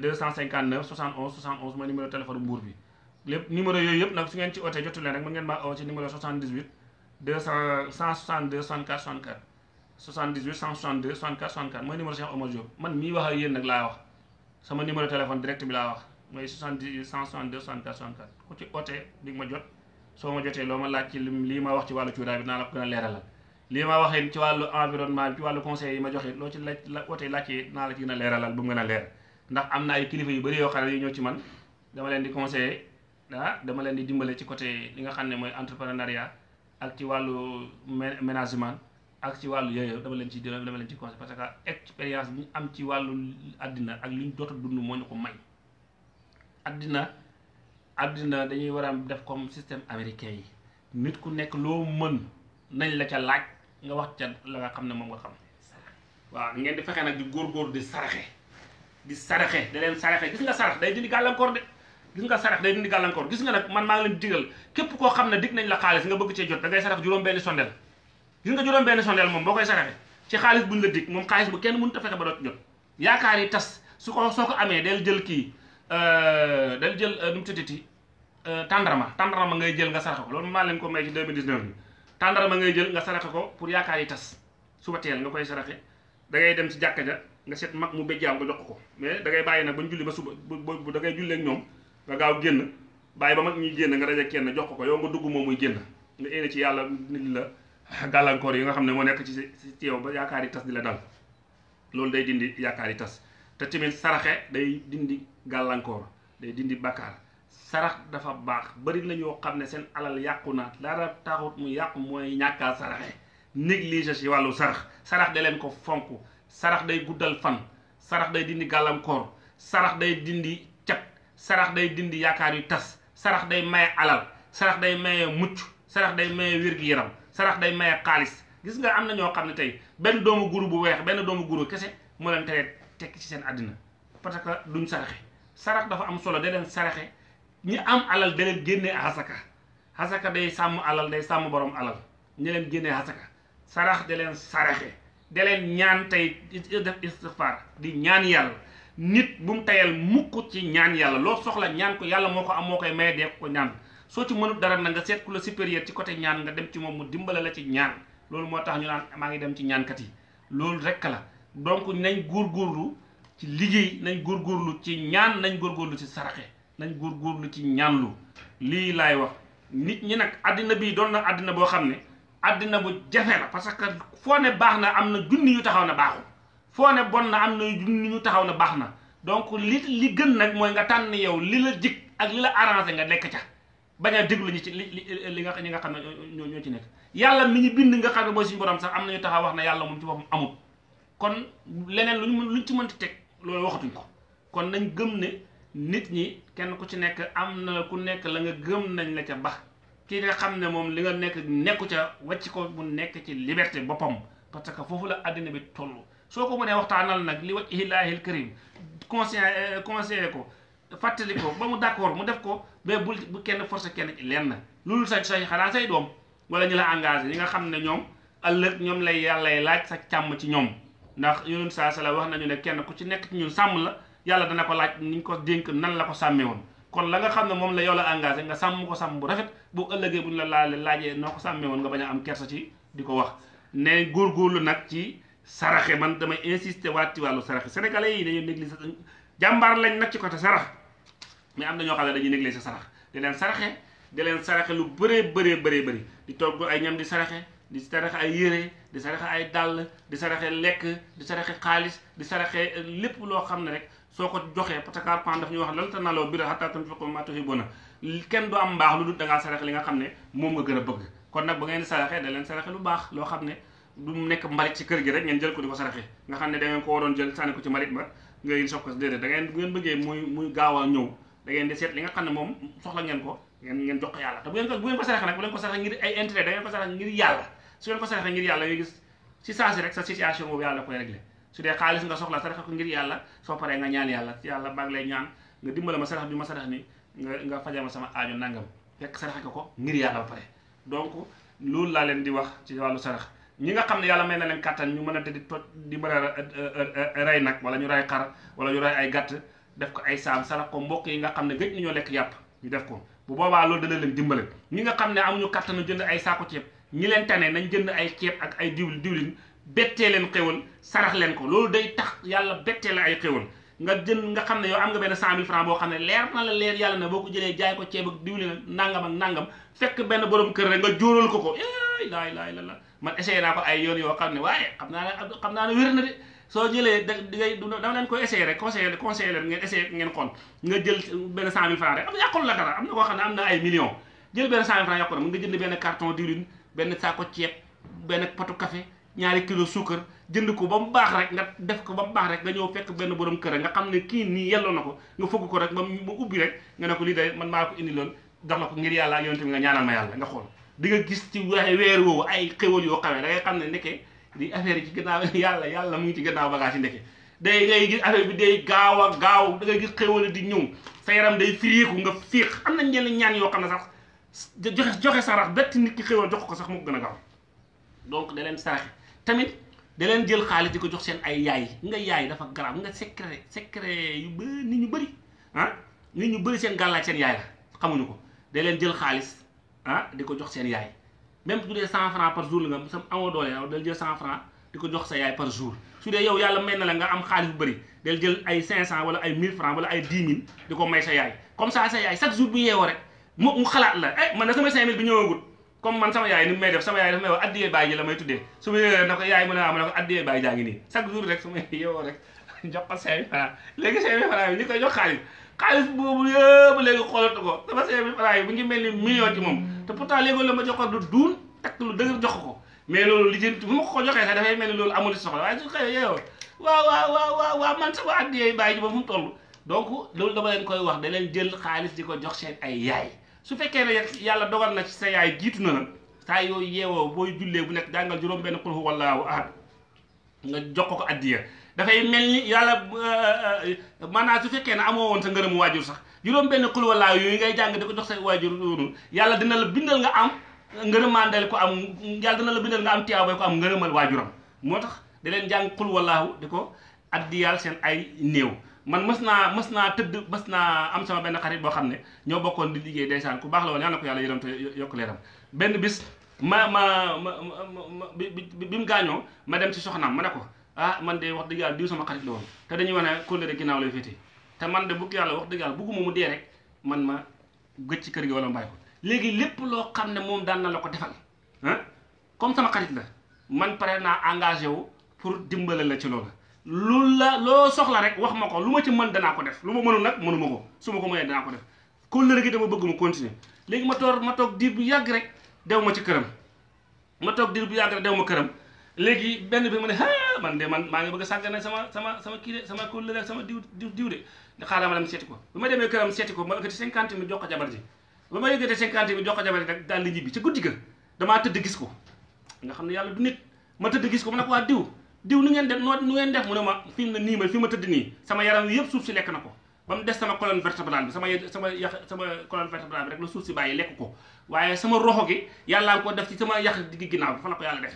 259 71 71 mooy numéro téléphone Mbour bi. lépp numéro yooyu yëpp nag su ngeen ci ootee jotu leen rek mën ngeen maa oo ci numéro 78 200 162 64 64 78 162 64 64 mooy numéro Cheikh Omar man mii wax ak yéen nag laa wax sama numéro téléphone direct bi laa wax mooy 78 162 64 64 ku ci ootee di ma jot soo ma jotee loo ma laaj ci lii ma wax ci wàllu cuuraay bi naa la ko gën a leeralal ma wax bi ci wàllu ma joxe loo ci laaj la ootee laaj yi naa la ci gën a leeralal bu mu gën a leer ndax na ay kilifa yoo xam ne yu ñëw ci ah dama leen di dimbale ci côté li nga xam ne mooy entrepreneuriat ak ci wàllu management ak ci wàllu yooyu dama leen ci dama leen ci conseil parce que expérience bi ñu am ci wàllu àddina ak li ñu doota dund moo ñu ko may àddina àddina dañuy war a def comme système américain yi nit ku nekk loo mën nañ la ca laaj nga wax ca la nga xam ne moom nga xam waaw ngeen di fexe nag di góorgóor di saraxe di saraxe da leen saraxe gis nga sarax day dindi gis nga sarax day dindi gàllankoor gis nga nag man maa ngi leen digal képp koo xam ne dig nañ la xaalis nga bëgg cee jot da ngay sarax juróom-benni sondeel gis nga juróom-benni sondeel moom boo koy saraxe ci xaalis buñ la dig moom xaalis bu kenn mënut a fexe ba doo jot yaakaar yi tas su ko soo ko amee del jël kii euh, del jël euh, nu mu tuddati euh, tàndarma tàndarma ngay jël nga saraxe ko loolu maa leen ko may ci 2019 bi tàndarma ngay jël nga saraxe ko pour yaakaar yi tas suba teel nga koy saraxe dangay dem ci jàkka ja nga set mag mu yaa nga jox ko mais da ngay bàyyi nag bañ julli ba suba da ngay jullee ak ñoom nga gaaw génn bàyyi ba mag ñuy génn nga daje kenn jox ko ko yow nga dugg moom muy génn nga éene ci yàlla nit la gàllankoor yi nga xam ne moo nekk ci ci yow ba yaakaar yi tas di la dal loolu day dindi yaakaar yi tas te tamit saraxe day dindi gàllankoor day dindi bakkaar sarax dafa baax bari la ñoo xam ne seen alal yàqu na dara taxut mu yàqu mooy ñàkkaa saraxe négligé ci wàllu sarax sarax da leen ko fonk sarax day guddal fan sarax day dindi gàllankoor sarax day dindi sarax day dindi yaakaar yu tas sarax day maye alal sarax day maye mucc sarax day maye wér-gi-yaram sarax day maye xaalis gis nga am na ñoo xam ne tey benn doomu guru bu weex benn doomu guru kese moo leen tere tekki ci seen àddina parce que duñ saraxe sarax dafa am solo da leen saraxe ñi am alal da leen génnee asaka asaka day sàmm alal day sàmm borom alal ñi leen génnee asaka sarax da leen saraxe da leen ñaan tey def istighfar di ñaan yàlla nit bu mu tayal mukk ci ñaan yàlla loo soxla ñaan ko yàlla moo ko am moo koy maye dee ko ñaan soo ci mënut dara na nga seet ku la supérieur ci côté ñaan nga dem ci moom mu dimbale la ci ñaan loolu moo tax ñu naan maa ngi dem ci ñaankat yi loolu rekk la donc nañ góorgóorlu ci liggéey nañ góorgóorlu ci ñaan nañ góorgóorlu ci saraxe nañ góorgóorlu ci ñaan lu lii laay wax nit ñi nag àddina bii doon na àddina boo xam ne àddina bu jafe la parce que foo ne baax na am na junni yu taxaw na baaxul foo ne bon na am na ñu ñu taxaw na baax na donc li li gën nag mooy nga tànn yow li la jig ak li la arrangé nga lekk ca bañ a déglu ñi ci li li nga ñi nga xam ne ñoo ñoo ci nekk yàlla mi ñu bind nga xam ne mooy suñu borom sax am nañu taxaw wax ne yàlla moom ci boppam amut kon leneen luñ mën luñ ci mënta teg loolu waxatuñ ko kon nañ gëm ne nit ñi kenn ku ci nekk am na ku nekk la nga gëm nañ la ca bax ki nga xam ne moom li nga nekk nekku ca wàcc ko mu nekk ci liberté boppam parce que foofu la àddina bi tollu soo ko mënee waxtaanal nag li wajhi llaahil karim conseil euh, conseiller ko fàttali ko ba mu d'accord mu def ko mais bul bu kenn forcé kenn ci lenn loolu sa say xanaa say doom wala ñu la engagé ñi nga xam ne ñoom ëllëg ñoom lay yàllay laaj sa càmm ci ñoom ndax yonent saa la wax nañu ne kenn ku ci nekk ñun sàmm la yàlla dana ko laaj ni ko dénk nan la ko sàmmee woon kon la nga xam ne moom la yow la engagé nga sàmm ko sàmm bu rafet boo ëllëgee bu ñu la laale laajee noo ko sàmmee woon nga bañ a am kersa ci di ko wax ne góorgóorlu nag ci saraxe man damay insisté waat ci wàllu saraxe sénégalais yi dañuy négliger jàmbaar lañ nag ci côté sarax mais am na ñoo xam ne dañuy négliger sarax di leen saraxe di leen saraxe lu bëree bëree bëree bëri di ay ñam di saraxe di saraxe ay yére di saraxe ay dàll di saraxe lekk di saraxe xaalis di saraxe lépp loo xam ne rek soo ko joxee parce que Alxuraan daf ñuy wax lan tanaalul birra hattaa tunfiquu mimmaa saraxe li nga xam ne moom nga gën a di leen saraxe lu baax loo xam ne du mu nekk mbalit ci kër gi rek ngeen jël ko di ko saraxe nga xam ne da ngeen ko waroon jël sànni ko ci mbalit ba ngeen soog ko déedéet da ngeen bu ngeen bëggee muy muy gaaw a ñëw da ngeen di seet li nga xam ne moom soxla ngeen ko ngeen ngeen jox ko yàlla te bu ngeen ko bu ngeen ko saraxe nag bu ngeen ko saraxe ngir ay intérêt da ngeen ko saraxe ngir yàlla su ngeen ko saraxe ngir yàlla ngay gis si saa si rek sa situation boobu yàlla koy réglé su dee xaalis nga soxla saraxe ko ngir yàlla soo paree nga ñaan yàlla yàlla baag lay ñaan nga dimbale ma sarax bi ma sarax ni nga nga fajama sama aajo nangam fekk saraxe ko ko ngir yàlla ba pare donc loolu laa leen di wax ci wàllu sarax ñi nga xam ne yàlla may na leen kàttan ñu mën a di toj di mën a euh, euh, euh, rey nag wala ñu rey xar wala ñu rey ay gàtt def ko ay saam sarax ko mbokk yi nga xam ne gëj nañoo lekk yàpp ñu def ko bu boobaa loolu dana leen dimbale ñi nga xam ne amuñu kàttanu jënd ay saako ceeb ñi leen tane nañ jënd ay ceeb ak ay diwlin diwlin bettee leen xéwal sarax leen ko loolu day tax yàlla bettee la ay xéwal nga jënd nga xam ne yow am nga benn cent mille francs boo xam ne leer na la leer yàlla na boo ko jëlee jaay ko ceeb ak diwlin nangam ak nangam fekk benn borom kër rek nga jóoral ko ko laay laay la la man essayé naa ko ay yoon yoo xam ne waaye xam naa ne xam naa ne wér na de soo jëlee da ngay dama leen koy essayé rek conseillé conseillé leen ngeen essayé ngeen xool nga jël benn cent mille francs na koo ay millions jël benn cent mille francs yàqu na mën nga jënd benn saako ceeb benn potu ñaari kilo suukar jënd ko ba mu baax rek nga def ba mu baax rek nga borom kër nga xam ne kii nii yelloo ko nga fëgg ko rek ba mu ubbi rek nga ne ko lii day man ñaanal ma yàlla nga xool di nga gis ci waxe weer woowu ay xéwal yoo xamee da ngay xam ne ndeke di affaire yi ci gannaaw yàlla yàlla mu ngi ci gannaaw bagage yi ndeke day ngay gis affaire bi day gaawa gaaw da ngay gis xéwal di ñëw sa yaram day firiiku nga fiix am na ñenn ñaan yoo xam ne sax joxe joxe sarax bett nit ki xéwal jox ko sax moo ko gën a gaaw donc da leen saraxe tamit da jël xaalis di ko jox seen ay yaay nga yaay dafa garab nga secret secret yu bëri nit ñu bëri ah nit ñu bëri seen gàllaaj seen yaay la xamuñu ko da leen jël xaalis ah di ko jox seen yaay même su dee cent franc par jour la nga sam amoo doole yow dal jël cent franc di ko jox sa yaay par jour su dee yow yàlla may na la nga am xaalis bu bëri del jël ay cinq cent wala ay mille franc wala ay dix mille di ko may sa yaay comme ça sa yaay chaque jour bu yeewoo rek mu mu xalaat la eh man na sama cinq mille bi ñëwagul comme man sama yaay ni may def sama yaay dafa may wax addiyee bàyyi ji la may tuddee su ma yeewoo na ko yaay mu ne ah, ma ne ko addiyee bàyyi jaa ngi nii chaque jour rek su ma yeewoo rek xaalis boobu yëpp léegi xoolatu ko sama cinq mille francs yi bu ngi mel ni million ci moom te pourtant léegoo la ma joxoon du duun takk lu dëgër jox ko mais loolu lijjanti bu ma ko joxee sax dafay mel ni loolu amul soxla waaye waaw waaw waaw waaw waaw man sama addiyey bàyyi ji ba mu toll donc loolu dama leen koy wax da leen jël xaalis di ko jox seen ay yaay su fekkee ne yàlla dogal na ci sa yaay jiitu na nag saa yooyu yeewoo booy jullee bu nekk jàngal juróom benn xulxu wallaahu ahad nga jox ko ko addiya dafay mel ni yàlla euh, euh, maanaam su fekkee ne amoo woon sa ngërëmu waajur sax juróom benn xul walaa yooyu ngay jàng di ko jox sa waajur yàlla dina la bindal nga am ngërëmandeel ko am yàlla dina la bindal nga am tiyaabay ko am ngërëmal waajuram moo tax da leen jàng xul walaahu di ko addiyaal seen ay néew man mës naa mës naa tëdd mës naa am sama benn xarit boo xam ne ñoo bokkoon di liggéey ndeysaan ku baax la woon yàlla ko yàlla yërëm te yokk leeram benn bis ma ma ma bi bi mu gaañoo ma dem ci soxnaam ma ne ko ah man de wax dëgg yàlla diw sama xarit la woon te dañuy wax ne kóllëre ginnaaw lay féete te man de bugg yàlla wax dëgg yàlla bugguma mu dee rek man ma gëj ci kër gi wala mu bàyyi ko léegi lépp loo xam ne moom daan na la ko defal ah comme sama xarit la man pare naa engagé wu pour dimbale la ci loola lu la loo soxla rek wax ma ko lu ma ci mën danaa ko def lu ma mënul nag mënuma ko su ma ko mënee danaa ko def kóllëre gi dama bëgg continuer léegi ma toor ma toog diir bu yàgg rek dew ma ci këram ma toog diir bu dew ma këram léegi benn bi mu ne ah man de man maa ngi bëgg a sàgg sama sama kii de sama kóllëre ak sama diw diw de xaaral ma dem seeti ko bi ma demee këram seeti ko ma yëkkati cinquante mille jox ko jabar ji ba ma gis ko nga xam ne yàlla du nit ma tëdd gis ko ma a ko waa diw diw nu ngeen def noo nu ngeen def mu ne ma fi mu ne nii ma fi ma tëdd nii sama yaram yëpp suuf si lekk na ko ba mu des sama colonne vertébrale bi sama sama yax sama colonne vertébrale bi rek la suuf si bàyyi lekk ko waaye sama roxo gi yàllaa ko def ci sama yax gi ginnaaw bi fa la ko yàlla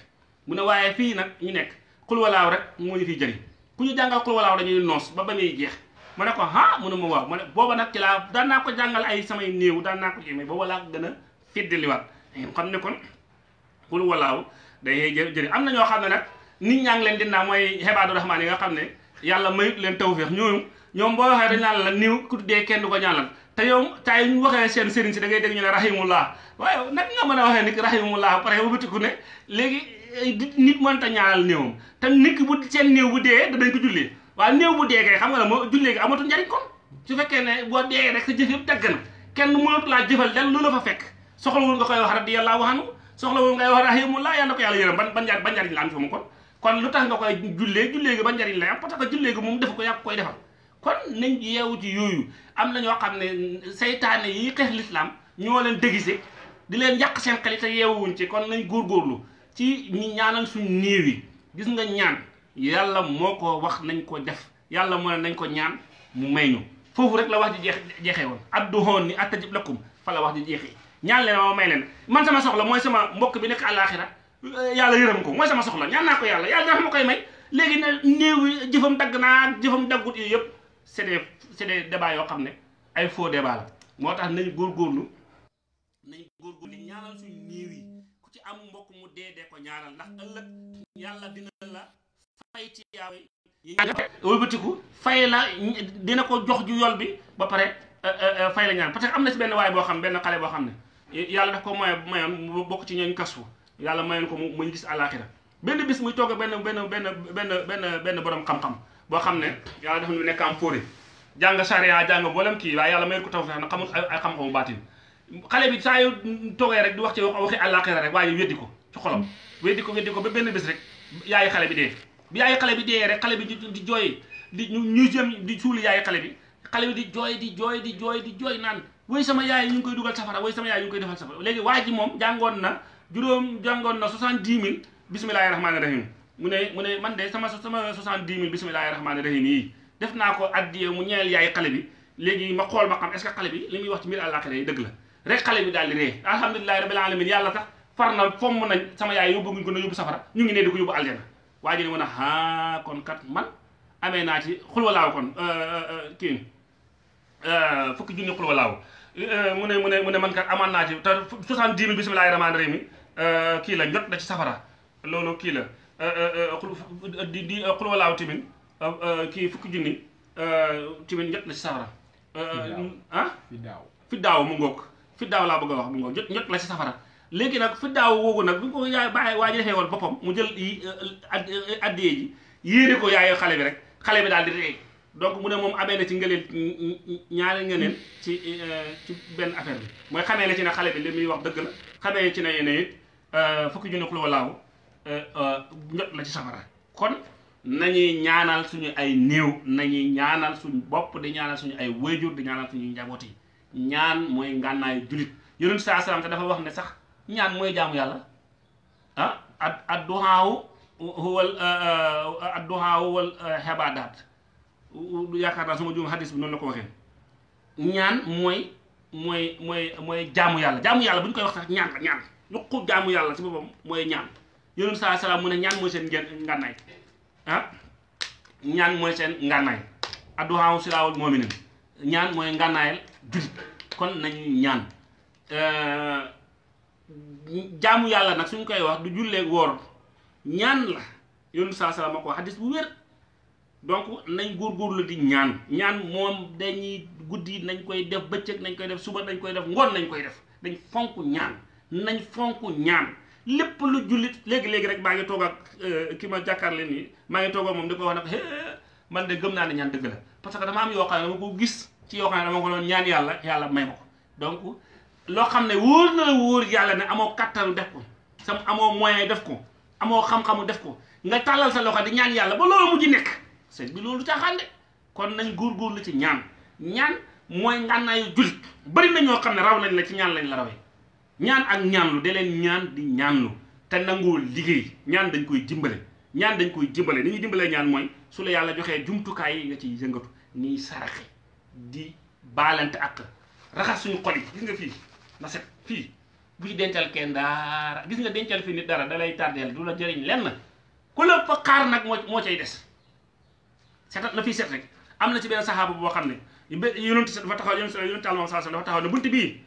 mu ne waaye fii nag ñu nekk xulwalaaw rek moo ñu fi jëriñ ku ñu jàngal xulwalaaw dañuy noos ba ba muy jeex ma ne ko ah mu ne ma waaw ma ne booba nag ci laa daan ko jàngal ay samay néew daan naa ko ci mais booba laa gën a fiddiliwaat xam ne kon xulwalaaw day jëriñ am na ñoo xam ne nag nit ñaa ngi leen dinaa mooy xebaadu rahmaan yi nga xam ne yàlla ma mayut leen tawféex ñooñu ñoom boo waxee dañ la niw ku dee kenn du ko ñaanal te yow tay ñu waxee seen sëriñ si da ngay dégg ñu ne rahimullah waaye nag nga mën a waxee nit rahimullah pare wubatiku ne léegi nit mënta ñaanal néewam te nit bu seen néew bu dee danañ ko jullee waaye néew bu dee kay xam nga ne moo jullee gi amatu njariñ kon su ne boo dee rek sa jëf yëpp dagg na kenn mënatu laa jëfal dal lu la fa fekk soxlawul nga koy wax radiyallaahu anhu soxlawul ngay wax rahimullah yal na ko yàlla yërëm ban ban njaar ban njariñ la am fi mu kon kon lu tax nga koy yooyu am na ñoo xam ne saytaane yi xeex lislaam ñoo leen dégisé di leen yàq seen xel te yeewuwuñ ci kon nañ góorgóorlu ci ñi ñaanal suñu néew yi gis nga ñaan yàlla moo ko wax nañ ko def yàlla moo ne nañ ko ñaan mu may ñu foofu rek la wax ji jeex jeexee woon addu hoon ni attajib lakum fa la wax ji jeexee ñaan may leen man sama soxla mooy sama mbokk bi nekk àllaaxira yàlla yërëm ko mooy sama soxla ñaan naa ko yàlla yàlla dafa ma koy may léegi ne néew jëfam dagg naa jëfam daggut yooyu yëpp c'est des c'est des débats yoo xam ne ay faux débat la moo tax nañ góorgóorlu nañ góorgóorlu ñaanal suñu néew yi dee dee ko ñaanal ndax ëllëg yàlla dina la fay ci yaawe yi wëlbatiku fay la dina ko jox ju yool bi ba pare euh, euh, euh, fay la ñaan parce que am na si benn waaye boo xam ne benn xale boo xam ne yàlla daf ko maye mayoon mu bokk ci ñooñ kasu yàlla mayoon ko mu ñu gis àllaaxira benn bis muy toog benn benn benn benn benn benn borom xam-xam boo xam ne yàlla dafa nekk am fóore jàng jàng boolem kii waaye yàlla mayoon ko tawfeex na xam-xamu baatin xale bi saa yu toogee rek di wax ci waxi àllaaxira rek waaye weddi ko ci xolam weddi ko weddi ko ba benn bés rek yaayu xale bi dee bi yaayu xale bi dee rek xale bi di jooy di jooy di jooy naan woy sama yaay ñu koy dugal safara woy sama yaay ñu koy defal safara léegi waa moom jàngoon na juróom jàngoon na soixante-dix mille bisimilahi rahmaani rahim mu ne man de sama sama soixante-dix mille rahmaani rahim yi def naa ko addiye mu ñeel yaay xale bi léegi ma xool ba xam est-ce que xale bi li muy mbir àllaaxira la rek xale bi daal di ree alhamdulilahi rabbil far na fomm nañ sama yaay yóbbuguñ ko na yóbbu safara ñu ngi ne di ko yóbbu aljana waa ji ne mën a haa kon kat man amee naa ci xulwalaaw kon euh, euh, euh, kii fukki junni xulwalaaw mu mu ne mu ne man kat amaan kii la njot safara loolu kii la di di xulwalaaw tamit kii safara ah daaw mu ngoog fi laa bëgg a wax mu ngoog njot la ci safara léegi nag fi daaw woogu nag bi nga ko yaay bàyyi waa ji defee woon boppam mu jël e, e, e, addiyee ji yéere ko yaayu xale bi rek xale bi daal di rey donc mu ne moom amee na ci ngëneel ñaari ngëneel ci ci benn affaire bi mooy xamee na xale bi li muy wax dëgg la xamee ci ne ne it fukki junni xuloo laaw la ci safara kon nañuy ñaanal suñu ay néew nañuy ñaanal suñu bopp di ñaanal suñu ay wéjur di ñaanal suñu njaboot yi ñaan mooy ngànnaayu julit yonent saa salaam te dafa wax ne sax ñaan mooy jaamu yàlla ah ad ad duhaawu huwal eh, eh, ad duhaawu wal eh, yaakaar naa suma juum hadis bi noonu la ko waxee ñaan mooy mooy mooy mooy jaamu yàlla jaamu yàlla bu ñu koy wax sax ñaan la ñaan yuqu jaamu yàlla si boppam mooy ñaan yonent saa salaam mu ne ñaan mooy seen ngànnaay ah ñaan mooy seen ngànnaay adduhaawu ñaan mooy ngànnaayal jullit kon nañu ñaan jàmm yàlla nag suñ koy wax du julleeg woor ñaan la yonent saa salaam ko xadis bu wér donc nañ góorgóorlu di ñaan ñaan moom dañuy guddi nañ koy def bëccëg nañ koy def suba nañ koy def ngoon nañ koy def dañ fonk ñaan nañ fonk ñaan lépp lu jullit léegi-léegi rek maa ngi toog ak euh, ki ma jàkkaarle nii maa ngi toog moom di ko wax nag man de gëm naa ne ñaan dëgg la parce que dama am yoo xam ne dama ko gis ci yoo xam ne dama ko doon ñaan yàlla yàlla may ma ko donc loo xam ne wóor na la wóor yàlla ne amoo kattanu def ko sam amoo moyen def ko amoo xam-xamu def ko nga tàllal sa loxo di ñaan yàlla ba loolu mujj nekk sëñ bi loolu caaxaan de kon nañ góorgóorlu ci ñaan ñaan mooy ngànnaayu jullit bari na ñoo xam ne raw nañ la ci ñaan lañ la rawee ñaan ak ñaanlu de leen ñaan di ñaanlu te nangoo liggéey ñaan dañ koy dimbale ñaan dañ koy dimbale ni ñuy dimbalee ñaan mooy su la yàlla joxee jumtukaay yi nga ciy yëngatu nii saraxe di baalante ak raxas suñu xol yi gis na set fii bu ci dencal kenn dara gis nga dencal fi nit dara dalay tardeel du la jëriñ lenn ku la fa xaar nag moo cay des setat na fii set rek am na ci benn saxaaba boo xam ne yonent dafa taxaw yonent yonent taal moom dafa taxaw ne bunt bii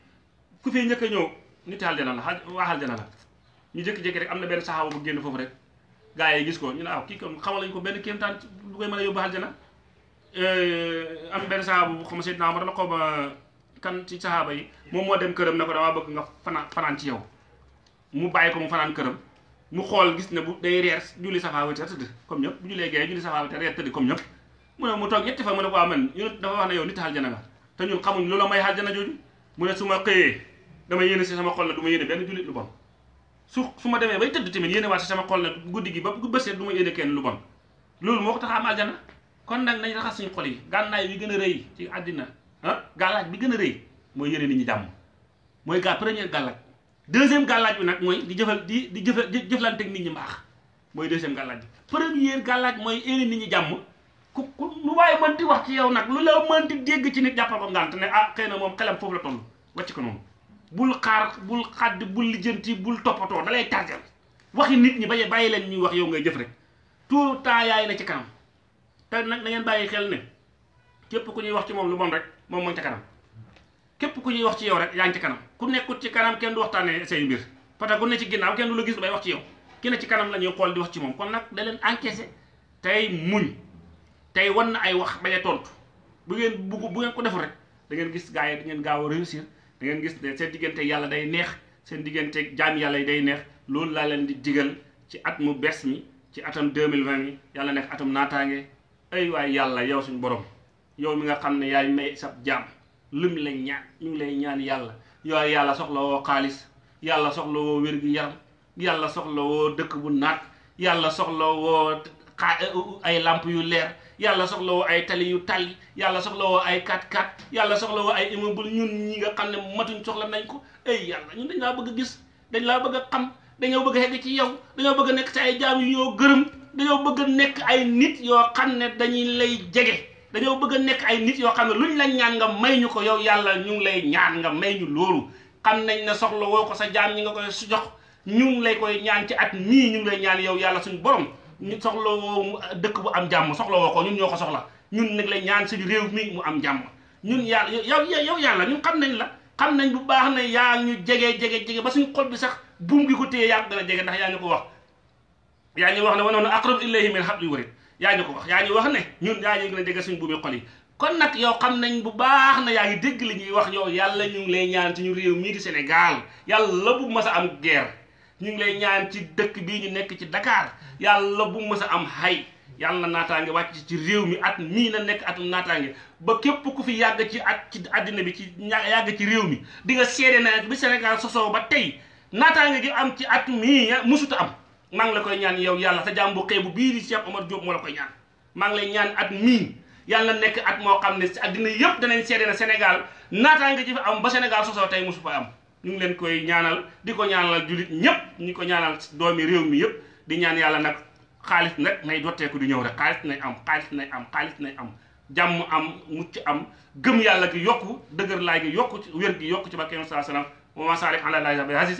a ñëw nit la ñu jékki-jékki rek am na benn saxaaba bu génn foofu rek gaa yi gis ko ñu ne ah kii ko xamal lañ ko benn kéemtaan lu koy mën a yóbbu aljana euh, benn saxaaba bu xam Seydina Omar la xaw ma kan ci saxaaba yi moom moo dem këram na ko damaa bëgg nga fanaan fanaan ci yow mu bàyyi ko mu fanaan këram mu xool gis ne bu day reer julli safaa witr tëdd comme ñëpp bu julee gee julli safaa witr reer tëdd comme ñëpp mu ne mu toog ñetti fan mu ne ko amen ñun dafa wax ne yow nit aljana nga te ñun xamuñ lu la su ma xëyee dama yéene si sama xol la du ma yéene benn jullit lu su su ma demee bay tëdd tamit yéene waat si sama xol la guddi gi ba bëseet du ma yéene kenn lu bon loolu moo ko tax am aljana kon nag nañ raxas suñu xol yi gànnaay yi gën a rëy ci àddina ah gàllaaj bi gën a rëy mooy yéene nit ñi jàmm mooy gaa première gàllaaj deuxième gàllaaj bi nag mooy di jëfal di di jëfal di jëflanteeg nit ñi mbaax mooy deuxième gàllaaj bi première gàllaaj mooy yéene nit ñi jàmm ku ku lu waaye mënti wax ci yow nag lu la mënti dégg ci nit jàppal ko ngànt ne ah xëy na moom xelam foofu la toll wàcc ko noonu bul xaar bul xadd bul lijjanti bul toppatoo da lay tàggal waxi nit ñi ba bàyyi leen ñuy wax yow ngay jëf rek tout temps yaay na ci kanam te nag na ngeen bàyyi képp ku ñuy wax ci moom lu bon rek moom mooy te kanam képp ku ñuy wax ci yow rek yaa ngi ci kanam ku nekkut ci kanam kenn du waxtaanee say mbir parce que ku ne ci ginnaaw kenn du la gis bay wax ci yow ki ne ci kanam la ñuy xool di wax ci moom kon nag da leen encaissé tey muñ tey wan na ay wax bañ a tontu bu ngeen bu bu ngeen ko deful rek da ngeen gis gars yi da ngeen gaaw a réussir da ngeen gis ne seen diggante yàlla day neex seen diggante jaam yàlla yi day neex loolu laa leen di digal ci at mu bees mi ci atam 2020 mi yàlla nekk atam naataange ay waay yàlla yow suñu borom yow mi nga xam ne yaay may sab jàmm lim lañ ñaan ñu ngi lay ñaan yàlla yow yàlla soxla woo xaalis yàlla soxla woo wér yaram yàlla soxla woo dëkk bu naat yàlla soxla woo ay làmp yu leer yàlla soxla woo ay tali yu tali yàlla soxla woo ay 4x4 yàlla soxla woo ay immeuble ñun ñi nga xam ne matuñ soxla nañ ko ay ñun dañu laa bëgg a gis dañu laa bëgg a xam dañoo bëgg a xegg ci yow dañoo bëgg a nekk ay jaam yu ñoo dañoo bëgg a nekk ay nit yoo xam ne dañuy lay jege dañoo bëgg a nekk ay nit yoo xam ne luñ la ñaan nga may ñu ko yow yàlla ñu ngi lay ñaan nga may ñu loolu xam nañ ne soxla woo ko sa jaam ñi nga koy jox ñu ngi lay koy ñaan ci at mii ñu ngi lay ñaan yow yàlla suñu borom ñu soxla euh, dëkk bu am jàmm soxla woo ko ñun ñoo ñun nag lay ñaan suñu réew mi mu am jàmm ñun yàlla yow yow yàlla ñun xam nañ la xam nañ bu baax na yaa ñu jege jege jege ba suñu xol bi sax buum bi ko téye yaa gën jege ndax yaa ñu ko wax yaa ñu wax ne wa nahnu aqrabu ilayhi min hablil warid yaa ñu ko wax yaa ñu wax ne ñun yaa ñu gën a dégg suñ buumi xol yi kon nag yow xam nañ bu baax na yaa ngi dégg li ñuy wax yow yàlla ñu ngi lay ñaan ci ñu réew mii di Sénégal yàlla mës a am guerre ñu ngi lay ñaan ci dëkk bii ñu nekk ci Dakar yàlla bu mës a am xay yàlla naataange wàcc ci réew mi at mii la nekk at naataange ba képp ku fi yàgg ci at ci àddina bi ci yàgg ci réew mi di nga seede na bi Sénégal sosoo ba tey naataange gi am ci at mii musuta am maa la koy ñaan yow yàlla sa jaam bu xeebu bii di Cheikh Omar Diop moo la koy ñaan maa ngi ñaan at mii yàlla nekk at moo xam ne si addina yëpp danañ seede na Sénégal naataange ji fi am ba Sénégal sosoo tey mosu fa am ñu ngi leen koy ñaanal di ko ñaanal jullit ñëpp ñu ko ñaanal doomi réew mi yëpp di ñaan yàlla nag xaalis nag nay dotteeku di ñëw rek xaalis nay am xaalis nay am xaalis nay am jàmm am mucc am gëm yàlla gi yokku dëgër laay gi yokku ci wér gi yokku ci ba kenn bi aziz